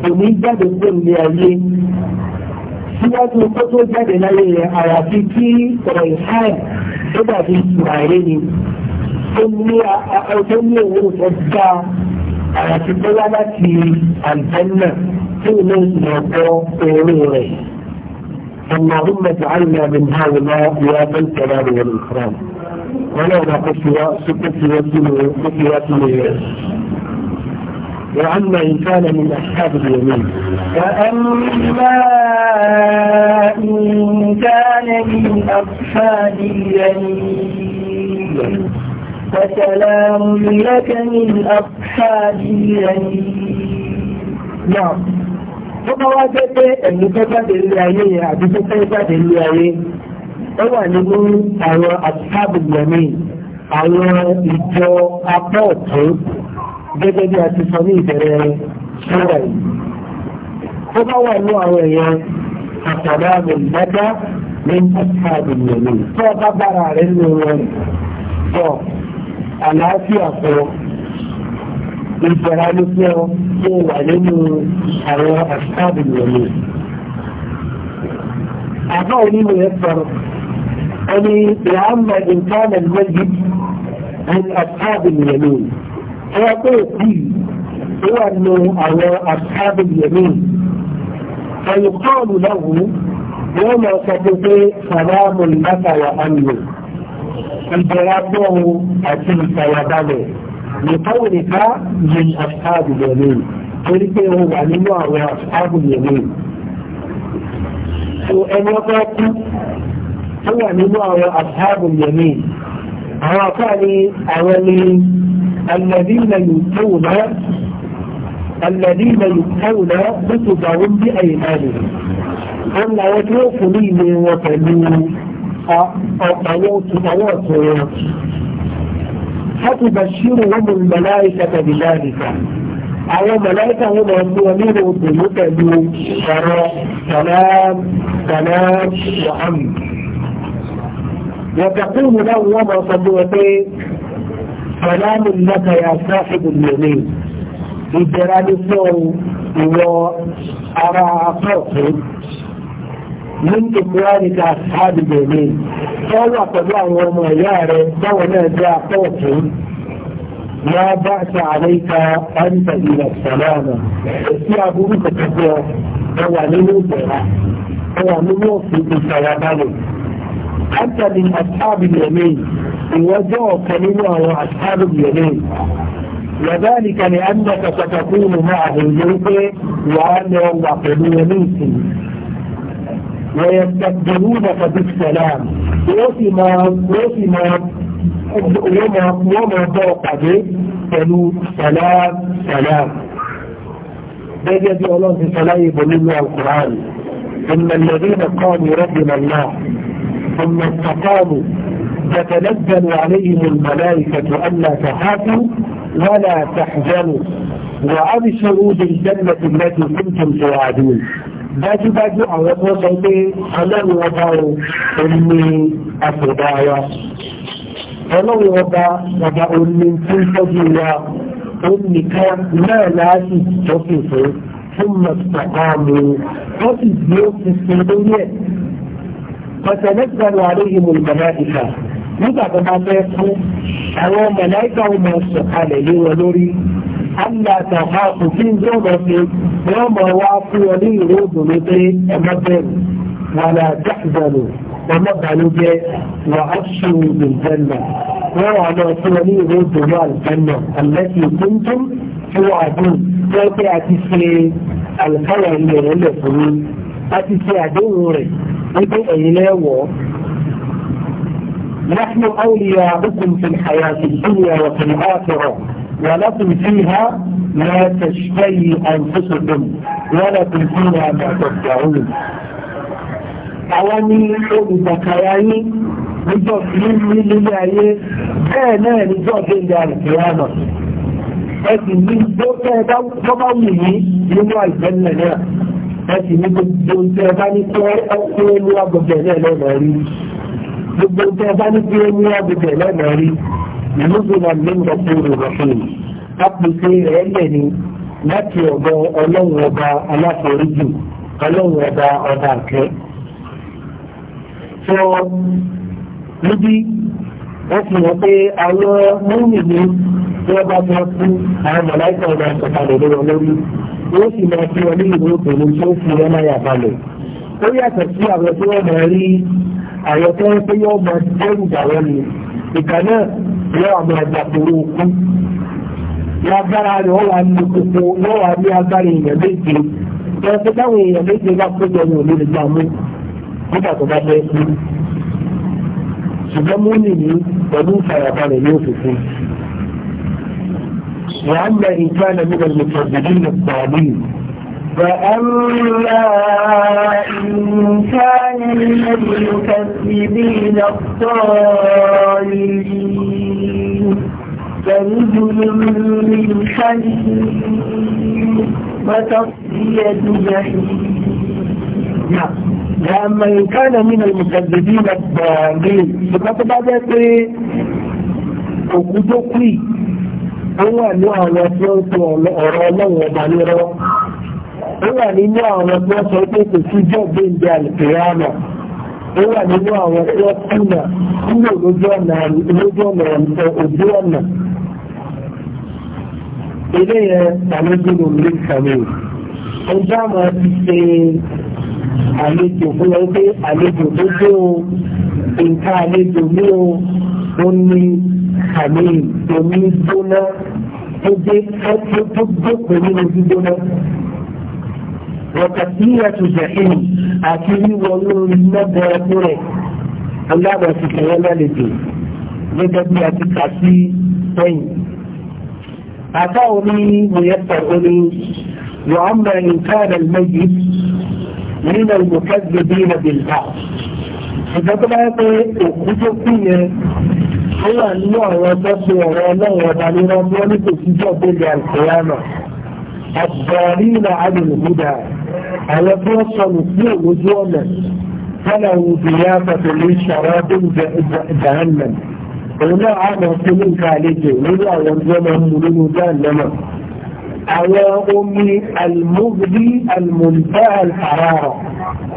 Speaker 1: أميزة الدنيا لين سواد مقتل جد لليه عواتيكي ريحان إذا في إسرائيلي سنية أعطني ورسدها عواتيكي ولكي الجنة تولي يقول اللهم اجعلنا من هؤلاء يا ذا الكلام والإكرام ولا نقص قصوى وعما إن كان من أصحاب اليمين وأما إن كان من أصحاب اليمين فسلام لك من أصحاب اليمين نعم tó bá wá jẹ́ pé ẹ̀mí ilé ayé yẹn àbí tó fẹ́ ilé ayé ó wà nínú àwọn àtúntàbùgbẹ̀mí àwọn ìjọ apá ọ̀tún gẹ́gẹ́ bí a ti sọ ní ìbẹ̀rẹ̀ ṣọ́ra yìí. tó bá wà àwọn èèyàn àtàdá àmì ìdájá ní tó ìjọra ní pé ọ yóò wà nínú àwọn àṣàbì ìrọ̀lẹ́. Àbá onímọ̀ yẹn sọ̀rọ̀, ẹni ìhàmà ìkànnà méjì ní àṣàbì ìrọ̀lẹ́. Ẹwà pé òbí ó wà nínú àwọn àṣàbì ìrọ̀lẹ́. Ẹ̀yọ̀kọ́ọ̀lù náà wù wọ́n máa sọ pé pé sàlámù lákàwà àmì ìjọra bọ́ọ̀ àti ìfàyàbalẹ̀. لقولك من أصحاب اليمين قلت له عن الله وأصحاب اليمين وأن وقعت هو عن الله وأصحاب اليمين أعطاني أولي الذين يؤتون الذين يؤتون كتبهم بأيمانهم أن يتوفني من وطني أو أو فتبشرهم الملائكة بذلك àwọn mọ̀láìkà wọn máa mú ọ nínú òdòdó pẹ̀lú ọ̀rọ̀ salam salam muhammad wọ̀tàkùn mi náà wọ́n máa sọ bí wọ́n pé salamu laka ya sáfìdì lèmi ìdẹ̀ra ní fún ìwọ ara apá ọ̀tún من إخوانك أصحاب اليمين قال الله قدوة يعرف دولة جاء قوتي لا بأس عليك أنت إلى السلامة في بك تقول هو لنوبرة هو من يوفي بسلامة أنت من أصحاب اليمين وجوك منه أصحاب اليمين وذلك لأنك ستكون معهم يوفي وأنهم يقولون منك ويستقبلونك بالسلام وفيما وفيما وما وما فوق ذلك قالوا سلام سلام بل يدعو الله في صلاه láyé القرآن إن الذين قالوا ربنا الله ثم استقاموا تتنزل عليهم الملائكة ألا تخافوا ولا تحزنوا وأبشروا بالجنة التي كنتم توعدون dájúdájú àwọn tó sọ pé ọlọ́run ọba o ní àpòdá wa ọlọ́run ọba ọba o ní tí ń tọ́jú wa ó nìkan náà láàájì tó fi fún fún mọ̀tàkà mi wọ́n sì gbé òfìsì lórí ẹ̀ pọ̀tẹ̀lẹ́gbẹ̀rún àríyìn mọ̀lẹ́dìkà nígbà tó bá fẹ́ fún àwọn mọ̀lẹ́dìkà ọmọ sọ̀kalẹ̀ lé wọn lórí ألا تخاف في زمن وما وعفو لي رضنطي مدر ولا تحزنوا ومبعلوا به وأبشروا بالجنة وعلى لي رضوا الجنة التي كنتم توعدون تأتي أتسي الخير لغلقني أتسي أي لا إليه نحن أولياءكم في الحياة الدنيا وفي الآخرة ولكم فيها ما تشتهي أنفسكم ولكم فيها ما تدعون àwọn ni olùgbàkàrà yín níjọ́ nílé ayé bẹ́ẹ̀ náà níjọ́ gbéǹdà àrùkìyàmà ẹ̀sìn ní gbọ́fẹ́ bá wù yí nínú àìsẹ́lẹ̀ náà ẹ̀sìn ní gbogbo tẹ́ bá ní pé ọkùnrin ní agbègbè náà rí nùzùlà mímọ̀ fúru rọ̀fìn apèsè rẹ̀ lẹ̀ ni láti ọ̀dọ̀ ọlọ́run ọba aláforíjì ọlọ́run ọba ọba àkẹ́. sọ níbí wọ́n fi hàn pé àwọn mọ́nyìn ni tí wọ́n bá máa kú àwọn mọ̀láìkà ọba ìsọ̀kalẹ̀ lé wọn lórí wọ́n sì máa fi wọn ní ìlú òkèlú tó fi wọn láyà balẹ̀. ó yàtọ̀ sí àwọn tí wọ́n máa rí àwọn tó ń pé yóò máa dẹ́rù dàwọn ni ìkà náà yóò àmọ́ àgbàkóró okú lágbára rẹ̀ ó wà ní kókó yóò wà ní agbára èèyàn méje tó ń táwọn èèyàn méje bá péjọ ní òní nígbà mú nígbà tó bá bẹ́ kú ṣùgbọ́n mú nìyí pẹ̀lú ìfàyàbalẹ̀ ní òfìfún وأما إن كان من المكذبين الضالين فأما إن كان من المكذبين الضالين فرجل من حديد وتصفية جحيم لما كان من المكذبين الضالين لقد بدأت òkú tó kú ì ó wà ní àwọn tí ó ń tó ọ̀rọ̀ ọlọ́run ọba nírọ́ ó wà nínú àwọn tí wọ́n sọ pé kò sí jọ́gbé ìdí àlùkìyàmà ó wà nínú àwọn tí wọ́n kùnà kúrò lójú ọ̀nà lójú ọ̀nà ojú ọ̀nà ilé yẹn àlejò ló ní kàmí ọjọ́ àmọ́ ti ṣe àlejò fún ọ pé àlejò tó dé o nǹkan àlejò ní o ó ní kàmí omi gbóná tó dé tó tó gbókòó nínú gbígbóná. وكثيرة جحيم أكيد ويقول المدى يقول الله بسيك لدي لقد يأتيك في طيب أعطوني ميسرني وأما إن كان الميت من المكذبين بالبعض إذا طلعت أخذ فيه هو الله وبسوى الله وبالي ربنا في جبل القيامة الضالين عن الهدى حياتنا الصنوفية وزوما فلو ضيافة للشراب جهنم ولا عام هكذا خالجة ولا ينزم همولين جهنم أيا أمي المغذي المنفع الحرارة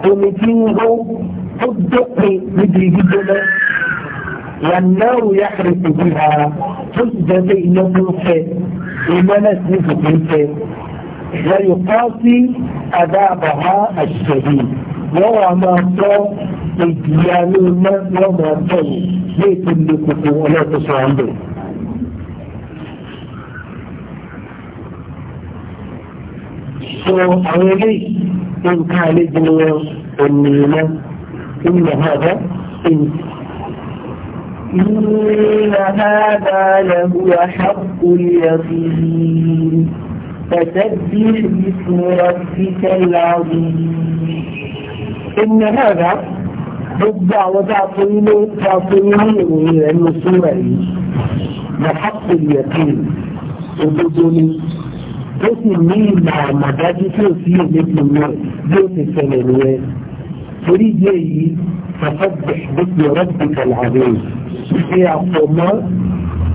Speaker 1: قمتينه تدقي بدي جدنا والنار يحرق بها تجد بينه في إمانة نفسه ويقاسي أدابها الشديد وهو ما صار الديان الماء وما صار ليس لكم ولا تصعدون so إن ilé nǹkan إن هذا إن إن هذا لهو حق اليقين فسبح باسم ربك العظيم إن هذا ضدع وتعطيل تعطيله من سورة بحق اليقين وبدون اسم مين مع مداد فيه مثل بيت السنوات تريد ايه فسبح باسم ربك العظيم يا عبد الله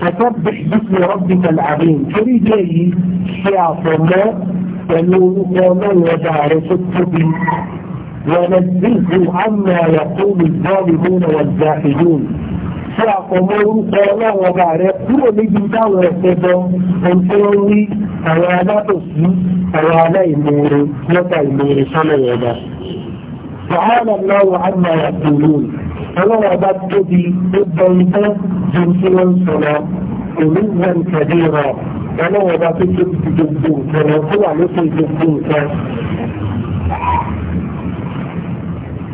Speaker 1: فسبح باسم ربك العظيم تريد لي يا فما تنوه من يدارس التبين ونزله عما يقول الظالمون والزاحدون فأقومون قولا وبارك كل اللي جدا ورسدهم من قولي فوالا تسلي فوالا يمور يتا يمور سنة يدا فعال الله عما يقولون فهو عباد كذي الضيطة جنسيا صلاة قلوبا كبيرة أنا عباد كذي جنسيا صلاة كل عمسي جنسيا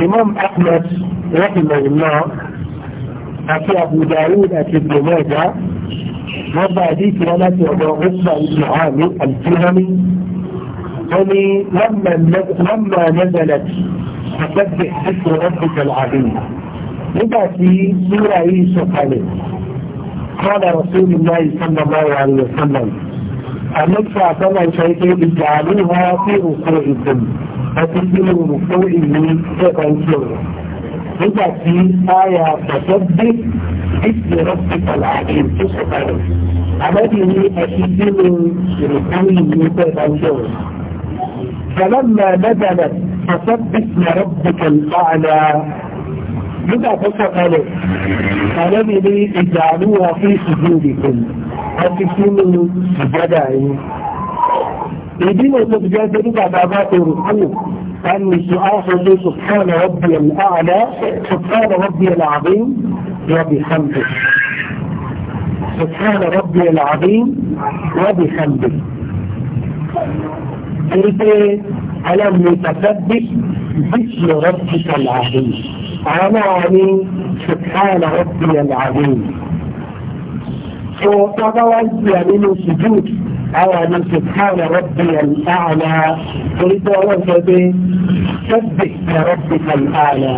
Speaker 1: إمام أحمد رحمه الله أخي أبو داود أخي ماجه وضع دي كلمات عبر غصة إبن الفهمي قالي لما, لما نزلت فسبح حسن ربك العظيم nígbà tí súra yìí sọ̀kalẹ̀ kọ́lá rasúlù náà ìsọ́nà báyọ̀ àríwẹ̀ sọ́nà àmọ́sà àtọ́nà ìṣọ́ ike ìjà àríwá sí òkú ìdùn àti nínú òkú ìlú ẹ̀kọ́ ìṣọ́ nígbà tí báyà pẹ̀tọ́ dé ìsìn rọ́pì àti ìtú sọ̀kalẹ̀ àmọ́dé ní ẹ̀kí nínú òkú ìlú ẹ̀kọ́ ìṣọ́ فلما نزلت فسبح ربك الاعلى بدا فصل قالوا لي اجعلوها في سجودكم هل تكونوا سجدائي يدينا سجاد بدا باباتهم قالوا قال نسؤال لي سبحان ربي الأعلى سبحان ربي العظيم وبحمده سبحان ربي العظيم وبحمده قلت ألم يتثبت باسم ربك العظيم علاني سبحان ربي العظيم فتضوي من سجود علاني سبحان ربي الأعلى فلتوجه سبح ربك الأعلى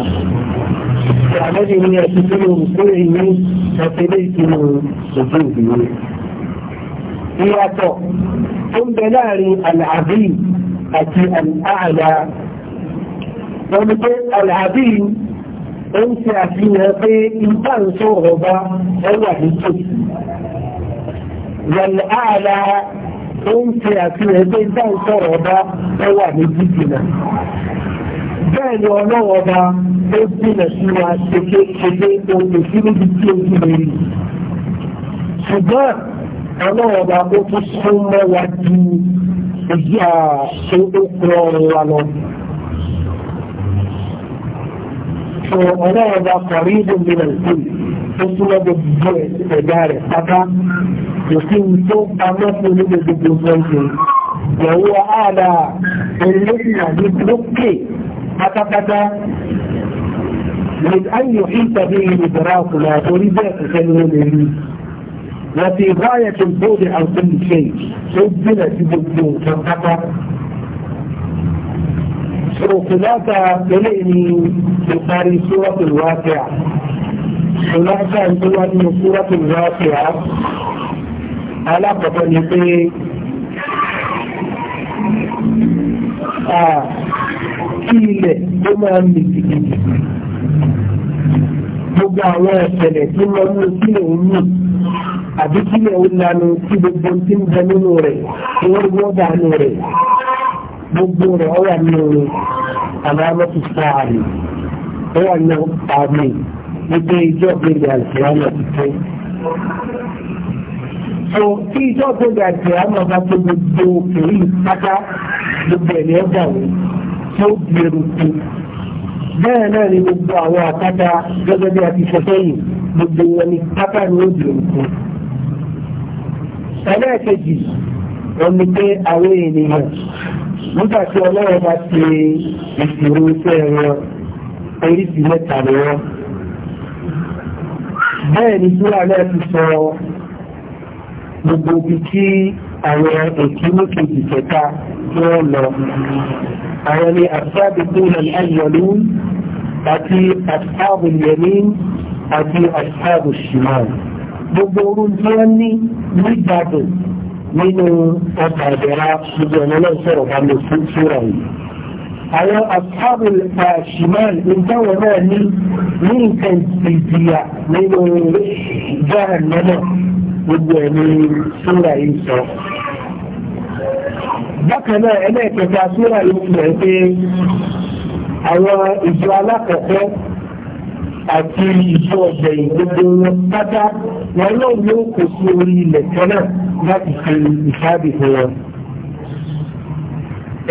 Speaker 1: فعلي يعني من يسجد رسوعي فتليت من سجودي إياك ثم بلاري العظيم أتي الأعلى ومثل العظيم ó ń ṣe àfihàn pé ìgbà ń sọ̀rọ̀ ọba ó wà nípò yàrá ààlà ó ń ṣe àfihàn pé ìgbà ń sọ̀rọ̀ ọba ó wà ní jìjìnà bẹ́ẹ̀ ni ọlọ́wọ́ ọba ó jìnà sí wa ṣeke ṣeke ohun èsì níbi tí ó jìnà rí ṣùgbọ́n ọlọ́wọ́ ó tún sún wa ju èyí àṣẹ ó wa lọ. ọlọ́ọ̀dà kọ̀rídùn ní ẹ̀sìn tó súnmọ́ gbogbo ẹ̀dá rẹ̀ pátá kò sí tó pamọ́ fún níbi gbogbo sọ́ọ̀sẹ̀ yẹ̀wò ààdà ẹlẹ́sìn àti lókè pátápátá من أن يحيط به إدراكنا تريد تسلم لي وفي غاية البعد عن كل شيء سجل تبدو فقط سوق ذاك إليه parí súrọ́tù wáfíà ìlọ́pàá tó wá nínú súrọ́tù wáfíà alákọ̀ọ́kọ́ ni pé ah, kí ilẹ̀ tó máa ń lè gbogbo àwọn ẹ̀sẹ̀lẹ̀ tí wọ́n mú sílẹ̀ òun ní àbí sílẹ̀ òun lanu tí gbogbo tí ń bẹ nínú rẹ̀ tí wọ́n gbọ́ dànù rẹ̀ gbogbo rẹ̀ ọ̀wà nínú rẹ̀ àmọ́ àmọ́ ti sáà rẹ̀ wannan àmì wípé ìjọ gbèrè àlùfáàmà ti tó. So tí ìjọ gbèrè àlùfáàmà bá tó gbogbo òkèèrè pátá gbogbo ẹ̀mí ẹ̀dá wọn tí ó gbèrú sí. Bẹ́ẹ̀ náà ni gbogbo àwọn àpáta gẹ́gẹ́ bí a ti sọ sẹ́yìn gbogbo wọn ni pátá ni ó gbèrú sí. Ẹlẹ́ẹ̀kejì, wọ́n ní pé àwọn ènìyàn nígbà tí ọlọ́run bá ti ìṣòro iṣẹ́ wọn oríṣi mẹ́ta ni wọ́n. bẹ́ẹ̀ ni súra náà ti sọ gbogbo ibi tí àwọn èkínú kejì kẹta tí wọ́n lọ. àwọn ni àṣàbí tó nà ní ayọ̀lú àti àṣàbù yẹ̀mí àti àṣàbù ṣìmáà. gbogbo orun tí wọ́n ní nígbàdùn nínú ọkà ìbẹ̀rẹ̀ gbogbo ọ̀nà náà sọ̀rọ̀ bá lọ sí súra yìí àwọn asáàbù ṣìmáàlì ìjáwọ̀ náà ní ní nǹkan ìjìyà nínú jáà náà gbogbo ẹ̀mí súnra yìí sọ. Bákan náà ẹlẹ́ẹ̀kẹta súnra yìí fi hàn pé àwọn ìjọ alákọ̀ọ́kọ́ àti ìjọ ọ̀gbẹ̀yìn gbogbo wọn pátá wọn náà ló kò sí orí ilẹ̀ kan náà láti fi ìsáàbì fún wọn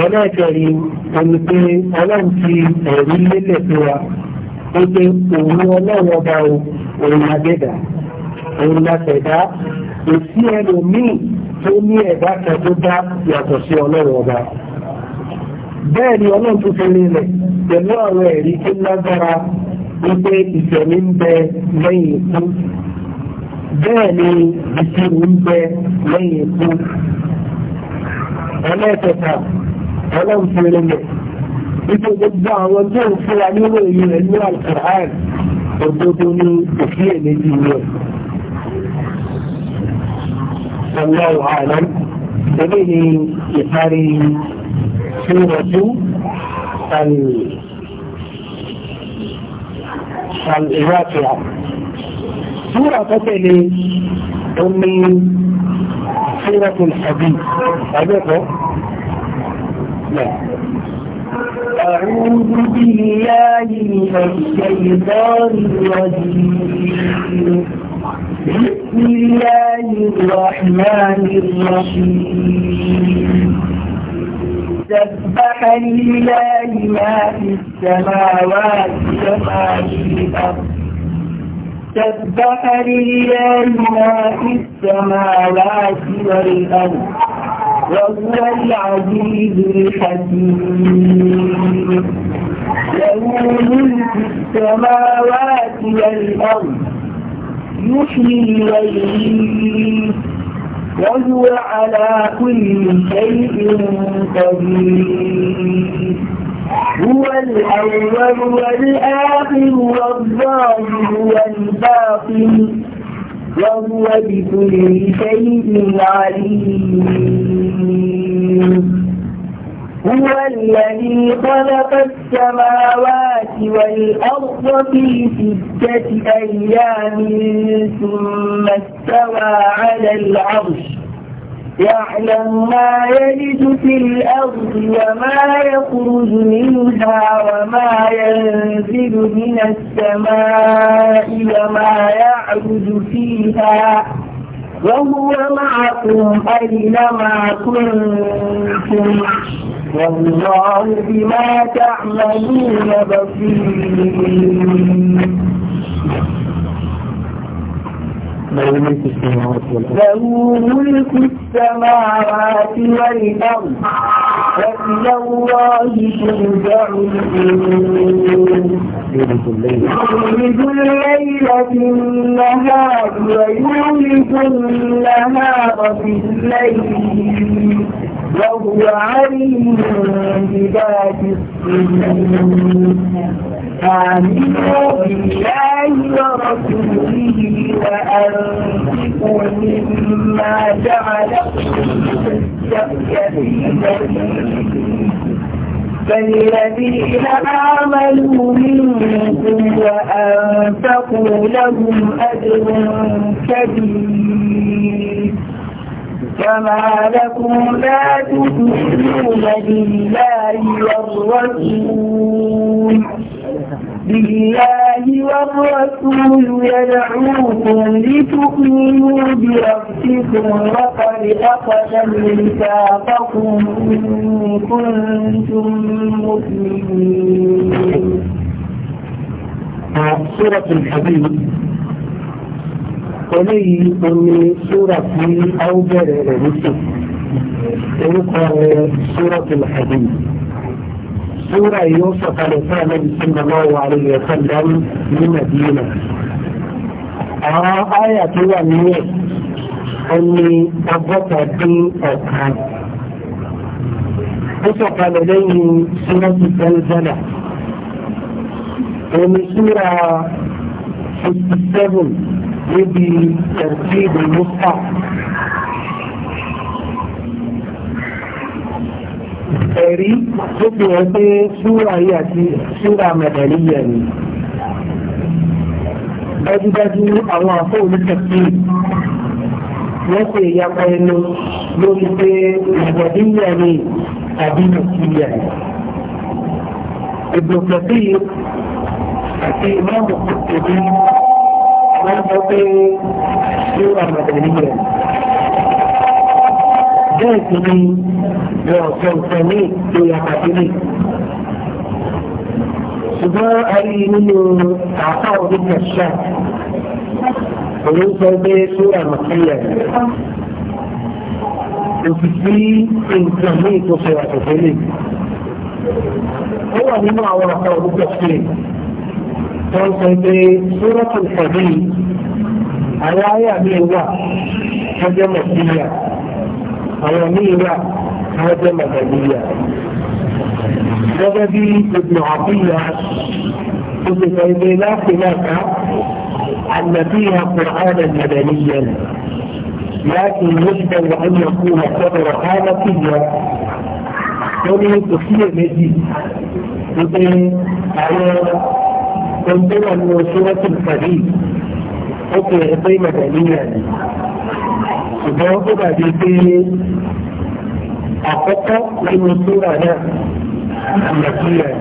Speaker 1: ẹlẹ́ẹ̀kẹrin ẹni pé ọlọ́run ti ẹ̀rí lélẹ̀ fún wa ó pé òun ọlọ́run ọba o òun adẹ́dà òun láṣẹ̀dá kò sí ẹlòmíì tó ní ẹ̀dá kan tó dá yàtọ̀ sí ọlọ́run ọba bẹ́ẹ̀ ni ọlọ́run tó fi lélẹ̀ pẹ̀lú àwọn ẹ̀rí tó lágbára wípé ìṣẹ̀mí ń bẹ lẹ́yìn ikú bẹ́ẹ̀ ni ìṣirò ń bẹ lẹ́yìn ikú ẹlẹ́ẹ̀kẹta كلام في لنك إذا قد دعوته في عنيه من المرى القرآن فردوني بكي نجيه فالله اعلم دليني يحاري سورة ال سورة تتلي أمي سورة الحديث أبقى نعم. أعوذ بالله من الشيطان الرجيم بسم الله الرحمن الرحيم سبح لله ما في السماوات وما في الأرض سبح لله ما في السماوات والأرض وهو العزيز الحكيم له ملك السماوات والأرض يحيي ويميت وهو على كل شيء قدير هو الأول والآخر والظاهر والباطن وهو بكل شيء عليم هو الذي خلق السماوات والأرض في ستة أيام ثم استوى على العرش يعلم ما يلد في الأرض وما يخرج منها وما ينزل من السماء وما يعرج فيها وهو معكم أينما كنتم والله بما تعملون بصير له ملك السماوات والأرض له الله ترجع الأمور يولد الليل في النهار ويولد النهار في الليل وهو عليم بذات الصدور آمنوا بالله ورسوله وأنفقوا مما جعلكم مستخلفين فالذين آمنوا منكم وأنفقوا لهم أجر كبير فما لكم لا تؤمنون بالله والرسول بالله والرسول يدعوكم لتؤمنوا بربكم وقد أخذ ميثاقكم إن كنتم مؤمنين سورة الحديث eléyìí omi sóra tí a ó bẹ̀rẹ̀ rẹ̀ nísìn orúkọ rẹ̀ sóra tó lè ṣàdé yìí sóra yìí ó sọ̀kalẹ̀ fún àlejò tí mo máa wà lórí ẹ̀ka ìdáhùn ní Màdínà àwọn àyà tó wà nínú ẹ̀ ẹni ọgọ́ta dín ọ̀kan ó sọ̀kalẹ̀ lẹ́yìn sóra tó tẹ́lẹ̀ omi sóra 57 níbi tẹ̀síìdì mustá ẹ̀rí tó fi hàn pé súra yìí àti súra mẹ̀tẹ̀lì yẹ̀ ni dájúdájú àwọn àfọ́ onítẹ̀síìdì wọ́n ṣe ìyapa ẹnu lórí pé ìwọ̀díyà ni tàbí nàìjíríà ni. Ìbùkún sí àti ìmọ̀ òkùnkùn wọ́n sọ pé yóò mọ̀tẹ̀lẹ́yẹ. Bẹ́ẹ̀ sì ni wọ́n sọ ìtẹ̀lé tó yàtọ̀ sílẹ̀. Ṣùgbọ́n a rí nínú àpá orí kẹ̀ṣà. Òun sọ pé sóra mọ̀tẹ̀lẹ́yẹ. Òsì sí nǹkan ní ìtòsí wà nínú àwọn àpá orí kẹ̀ṣà. wọ́n sọ pé sórọ́tò ìfọ̀dí àwọn àyà mi wà ọjọ́ mọ̀síyà àwọn mi wà ọjọ́ mọ̀síyà gẹ́gẹ́ bí gbogbo àbíyà gbogbo ìgbé láti náà أن فيها قرآنا مدنيا لكن يجب أن يكون قدر هذا فيها ومن كثير مجيء ومن على كنتم عن موصولة الفريق اوكي اغطي مدنيا سباوك بديكي اقطع لنصور انا مدنيا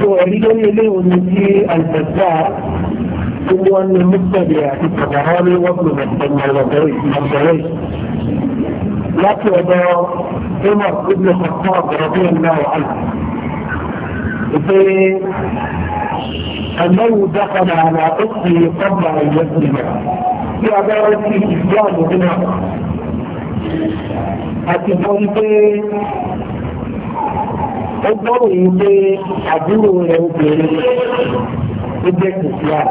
Speaker 1: سو اريدون يلي ونسي الفتاة كنتم عن المستدع في تبعامي وابن مدنيا المدرس لكن هذا عمر بن الخطاب رضي الله عنه أنه دخل على أخته قبل أن يسلم في عبارة الإسلام هنا أتفهم ó gbọ́dọ̀ yìí pé àbúrò rẹ̀ obìnrin ó jẹ́ kìsìlám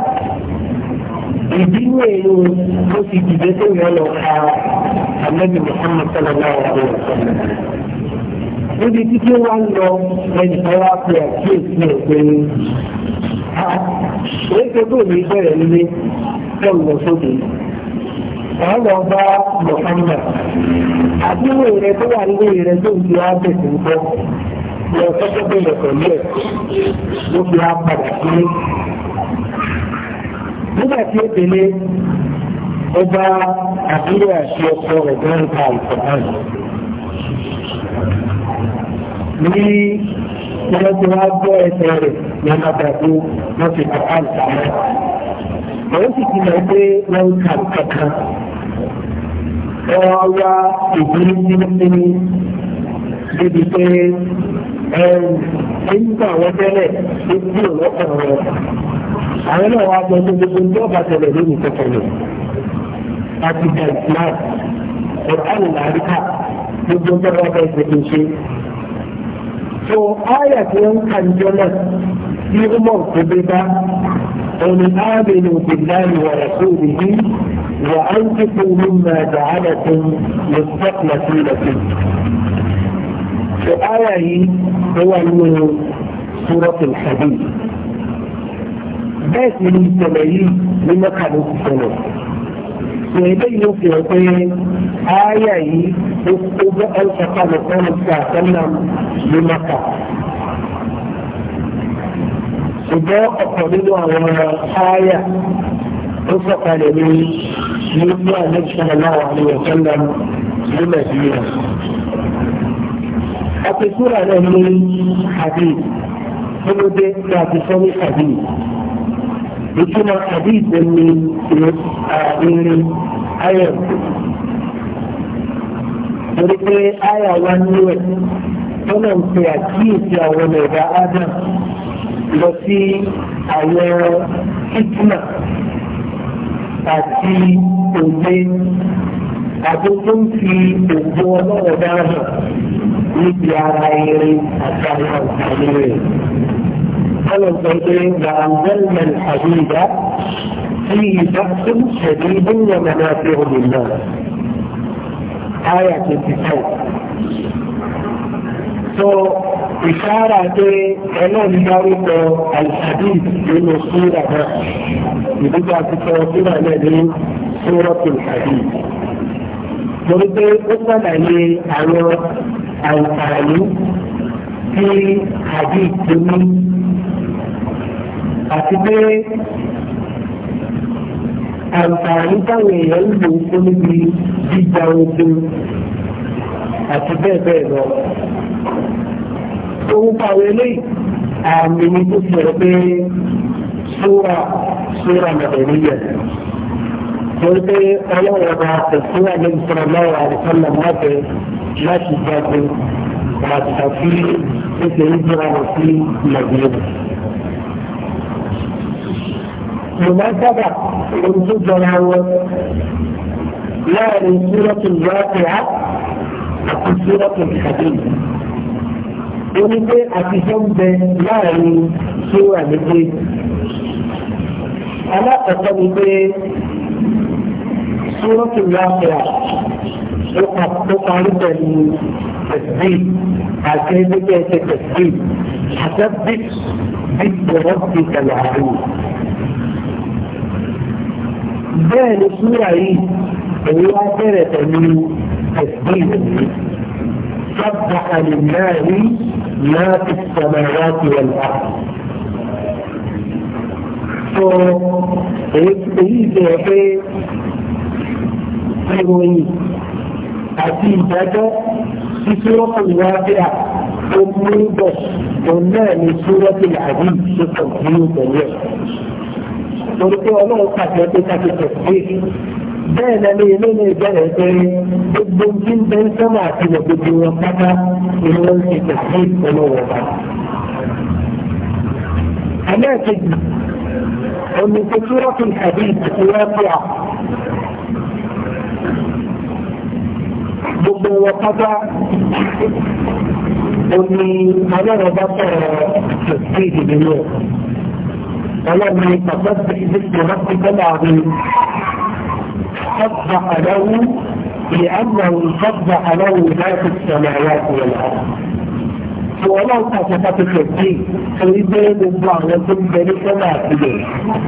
Speaker 1: ìdínú èlò ló fi dìde tó yẹ lọ ka àmẹ́bí Muhammad sallallahu alaihi wa sallam níbi tí kí wọ́n lọ ẹni ọwọ́ pé àkíyèsí ẹ̀ pé a tó mi bẹ̀rẹ̀ nílé ẹ̀rù lọ sókè wọ́n lọ bá mọ̀fánà àdúgbò rẹ tó wà nílé rẹ tó ń fi wá bẹ̀sẹ̀ ń bọ́ lọ sọ́kọ́ bẹ̀rẹ̀ pẹ̀lú ẹ̀ ló fi wá padà sílé nígbà tí ó délé ó bá àdúgbò àti ọkọ rẹ̀ tó ń ní wọ́n ti wá gbọ́ ẹsẹ̀ rẹ̀ ní alábàágbó wọ́n ti kọ́ àìsàn. àwọn sì ti mọ̀ pé wọ́n ń ka kankan. ọwọ́ wa ìdílé nínú débi pé ẹ̀yìnkà àwọn tẹ́lẹ̀ tó kú ọ̀lọ́kàn rẹ̀. àwọn náà wá gbọ́ gbogbo ní ọ̀bà tẹ̀lẹ̀ lónìí kẹfẹ̀lẹ̀. àti gàìsìláàsì ọ̀tá ìlàríkà gbogbo ń bọ̀ wọ́n bẹ́ẹ̀ tó áyà tí ó ń kà níjọ náà bí ó mọ̀ tó gbé bá òní ámìnú bìláì wà lásìrì yìí wà á ń kíkó mímọ àdáhàlà tó lè sọ́kùnà sí lọ́sìn. tó áyà yìí ló wà nínú súrọ́tì ìṣàdé bẹ́ẹ̀ sì ni ìṣẹ̀lẹ̀ yìí ní mẹ́ka ló ti ṣẹlẹ̀ ìpínlẹ̀ yóò fi hàn pé áyà yìí ó kó bẹ́ẹ̀ ń sọ́kà lọ́sọ̀rọ̀ sí àtẹ́lẹ̀ ní maka ṣùgbọ́n ọ̀pọ̀ nínú àwọn ààyà tó sọ̀kalẹ̀ ní nínú àlẹ́sàn aláwọ̀ àlẹ́wọ̀ sọ́lá ní nàìjíríà àti súrà náà ní àbí kílódé tí a ti sọ ní àbí ìtumọ̀ àbí ìdẹ́ni ìrìn ayọ̀ torí pé ayọ̀ wa níwẹ̀ tọ́lọ̀ ń pe àkíyèsí àwọn ọmọ ẹ̀dá Adam lọ sí àwọn ìtumà àti òwe àtúntò ń fi ògbó ọlọ́rọ̀ dáhùn níbi ara irin àti àwọn àǹfààní rẹ̀. Tọ́lọ̀ ń sọ pé Gbàǹdẹ́lmẹ̀ àdúgbà sí ìbáṣẹ́ ṣẹ̀dí ìdúnyàmọ̀ náà fi hùwà náà. Áyà 25. so ìṣára pé ẹlọ́run dárúkọ àìsàdí nínú súra náà ìdúgba ti sọ súra náà ní súra tó ìsàdí torí pé ó sàlàyé àwọn àǹfààní tí àbí ìpinnu àti pé àǹfààní táwọn èèyàn ń lò ó níbi jíjà ogun àti bẹ́ẹ̀ bẹ́ẹ̀ lọ. orúkọ àwọn eléyìí àmì ní tó fi hàn pé súra súra mọ̀tẹ̀lẹ́yẹ. Torí pé ọlọ́run ọba tẹ̀síwá ní ìsọ̀rọ̀ lọ́wọ́ àdìsọ́nà mọ́tẹ láti jáde láti tàbí ètò ìjọba rẹ̀ sí Nàìjíríà. Yorùbá sábà ohun tó jọra wọn láàrin súrọ́tù ìyá ọ̀tẹ̀ á àti súrọ́tù ìkàdé yìí. oní pé àtijọ́ ń bẹ láàrin ṣéwà méjì. alákọ̀ọ́kọ́ ni pé ṣúrọ́tù láfíà ó parí pẹ̀lú tẹ̀sí àti ẹgbẹ́ ẹsẹ̀ tẹ̀sí àtẹ́bí bíbọ̀rọ̀ ti tẹ̀lé àárín. bẹ́ẹ̀ ni ṣúra yìí èyí wá bẹ̀rẹ̀ pẹ̀lú tẹ̀sí ìrìn. سبح لله ما في السماوات والأرض so èyí ti rẹ̀ pé ìròyìn àti ìdájọ́ tí súrọ́pù wáfíà tó mú bọ̀ òun náà ni súrọ́pù àdí tó kàn nínú pẹ̀lú ẹ̀. torí pé ọlọ́run pàṣẹ pé ká ti tẹ̀síwèé bẹ́ẹ̀ lẹ́nu ilé ní ìbẹ̀rẹ̀ pé gbogbo tí ń bẹ sọ́mà àti gbogbo wọn pátá ni wọ́n ti tẹ̀ sí ìpínlẹ̀ wọn bá. ẹlẹ́ẹ̀kejì omi tuntun rọ́pìn tàbí ìtìkú rẹ́pìà gbogbo wọn pátá omi ọlọ́run bá sọ̀rọ̀ sí ìdìbò náà ọlọ́run ni pàtàkì ìdíje rọ́pìn tẹ́lẹ̀ àárín صدق له لأنه صدق له ما في السماوات والأرض Ọlọ́run pàṣẹ pàtàkì sí torí pé gbogbo àwọn tó ń bẹ ní sọ́nà àtìlẹ̀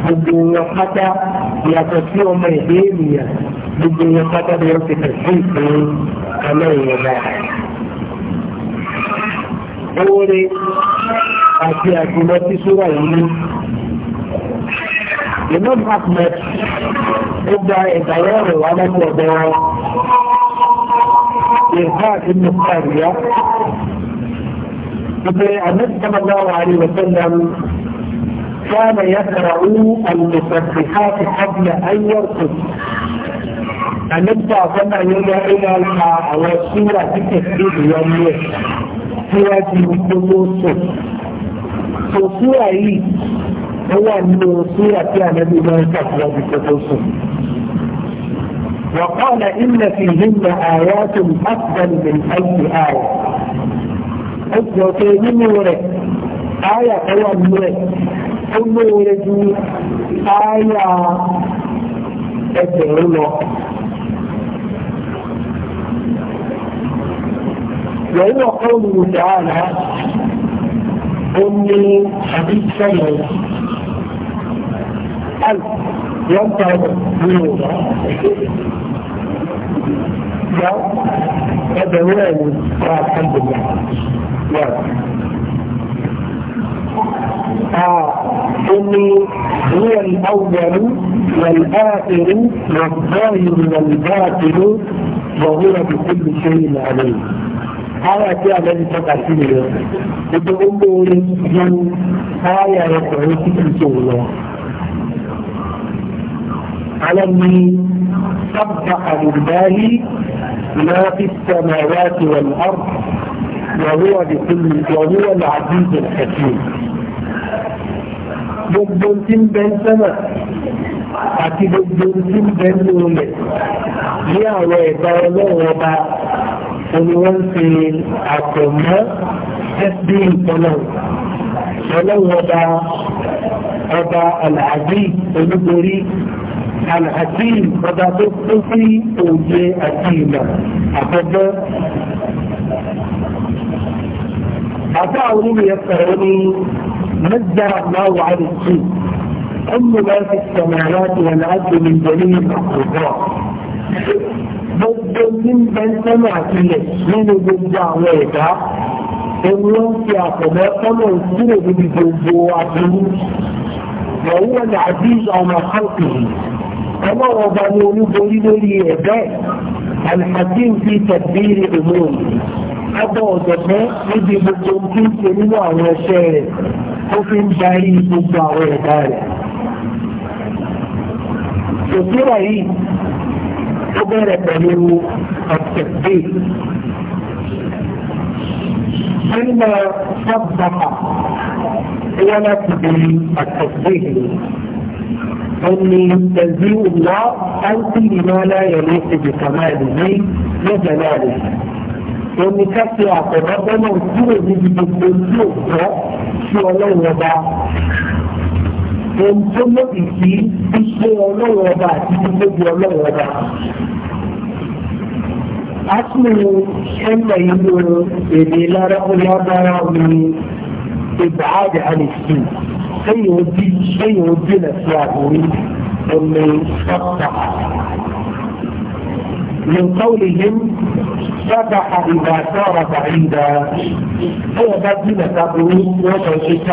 Speaker 1: gbogbo wọn pátá yàtọ̀ sí ọmọ ìdí ènìyàn gbogbo wọn pátá ni wọ́n ti tẹ̀sí ìpín ọlọ́run ọba. Oore àti àjùmọ̀ tí Súra yìí ní. Imam Ahmed ابدا يتغير ولا يتغير
Speaker 2: إرهاق المستارية
Speaker 1: إذا أنت الله عليه وسلم كان يقرأ المسبحات قبل أن يرقص أنت أظن أن يرجع إلى الصورة في تسبيب يومية هي في مدوسة فصورة إيه هو في أنبي ما وقال إن فيهن آيات أفضل من أي آية أجل تيمين ورد آية قوام ورد أم ورد آية أجل وهو قوله تعالى أمي حبيب سنة ألف ينتهي gbà ẹgbẹ̀rún ẹ̀wò wà àtàgbègbè wà. إني هو الأول والآخر والظاهر والباطن وهو بكل شيء عليم aya tí a lẹ́nu tọ́ka sí mi lọ gbogbo orin ju aya ọkùnrin títí tó lọ. alẹ́ ní سبح لله ما في السماوات والأرض وهو بكل وهو العزيز الحكيم بدون تم بين سماء أتي بدون تم بين نومة يا ويبالا وبا ونوان سيل أكما تسبيل فلو فلو وبا العزيز ونبريك الحكيم تصفي تطفي أوجي أكيمة أفضل أولي يسألني نزل الله عن الشيء كل ما في السماوات والأرض من جميع الأخبار بدل من بل سمع كله من الدعوات فالله في عقباتنا وسنة بجوابه وهو العزيز على خلقه ọlọ́wọ́ ọba ní olúborí lórí ẹ̀bẹ́ alhakim fi tẹ̀bírí ìlúùn abọ́ ọ̀dọ̀fẹ́ níbi gbogbo tí ń ṣe nínú àwọn ẹ̀ṣẹ̀ rẹ̀ ó fi ń darí gbogbo àwọn ẹ̀dá rẹ̀ òṣèrà yìí ó bẹ̀rẹ̀ pẹ̀lú ọ̀tẹ̀bí Nínú sábàbà, ìwọ́n láti bèèrè àtẹ̀gbé ìlú. أني تنزيء الله أنتي لما لا يليق بكماله وجلاله أني كفي أعطب ربنا وكل ذي بكل شو الله وضع أن كل إشي بشي الله وضع تجد الله وضع أسمه شن يقول إلى رأي الله إبعاد عن السوء lẹ́yìn ojú lẹ́yìn ojú ilẹ̀ sí àbúrí omi من قولهم فتح إذا صار بعيدا هو بدل تبريد وتوشيكا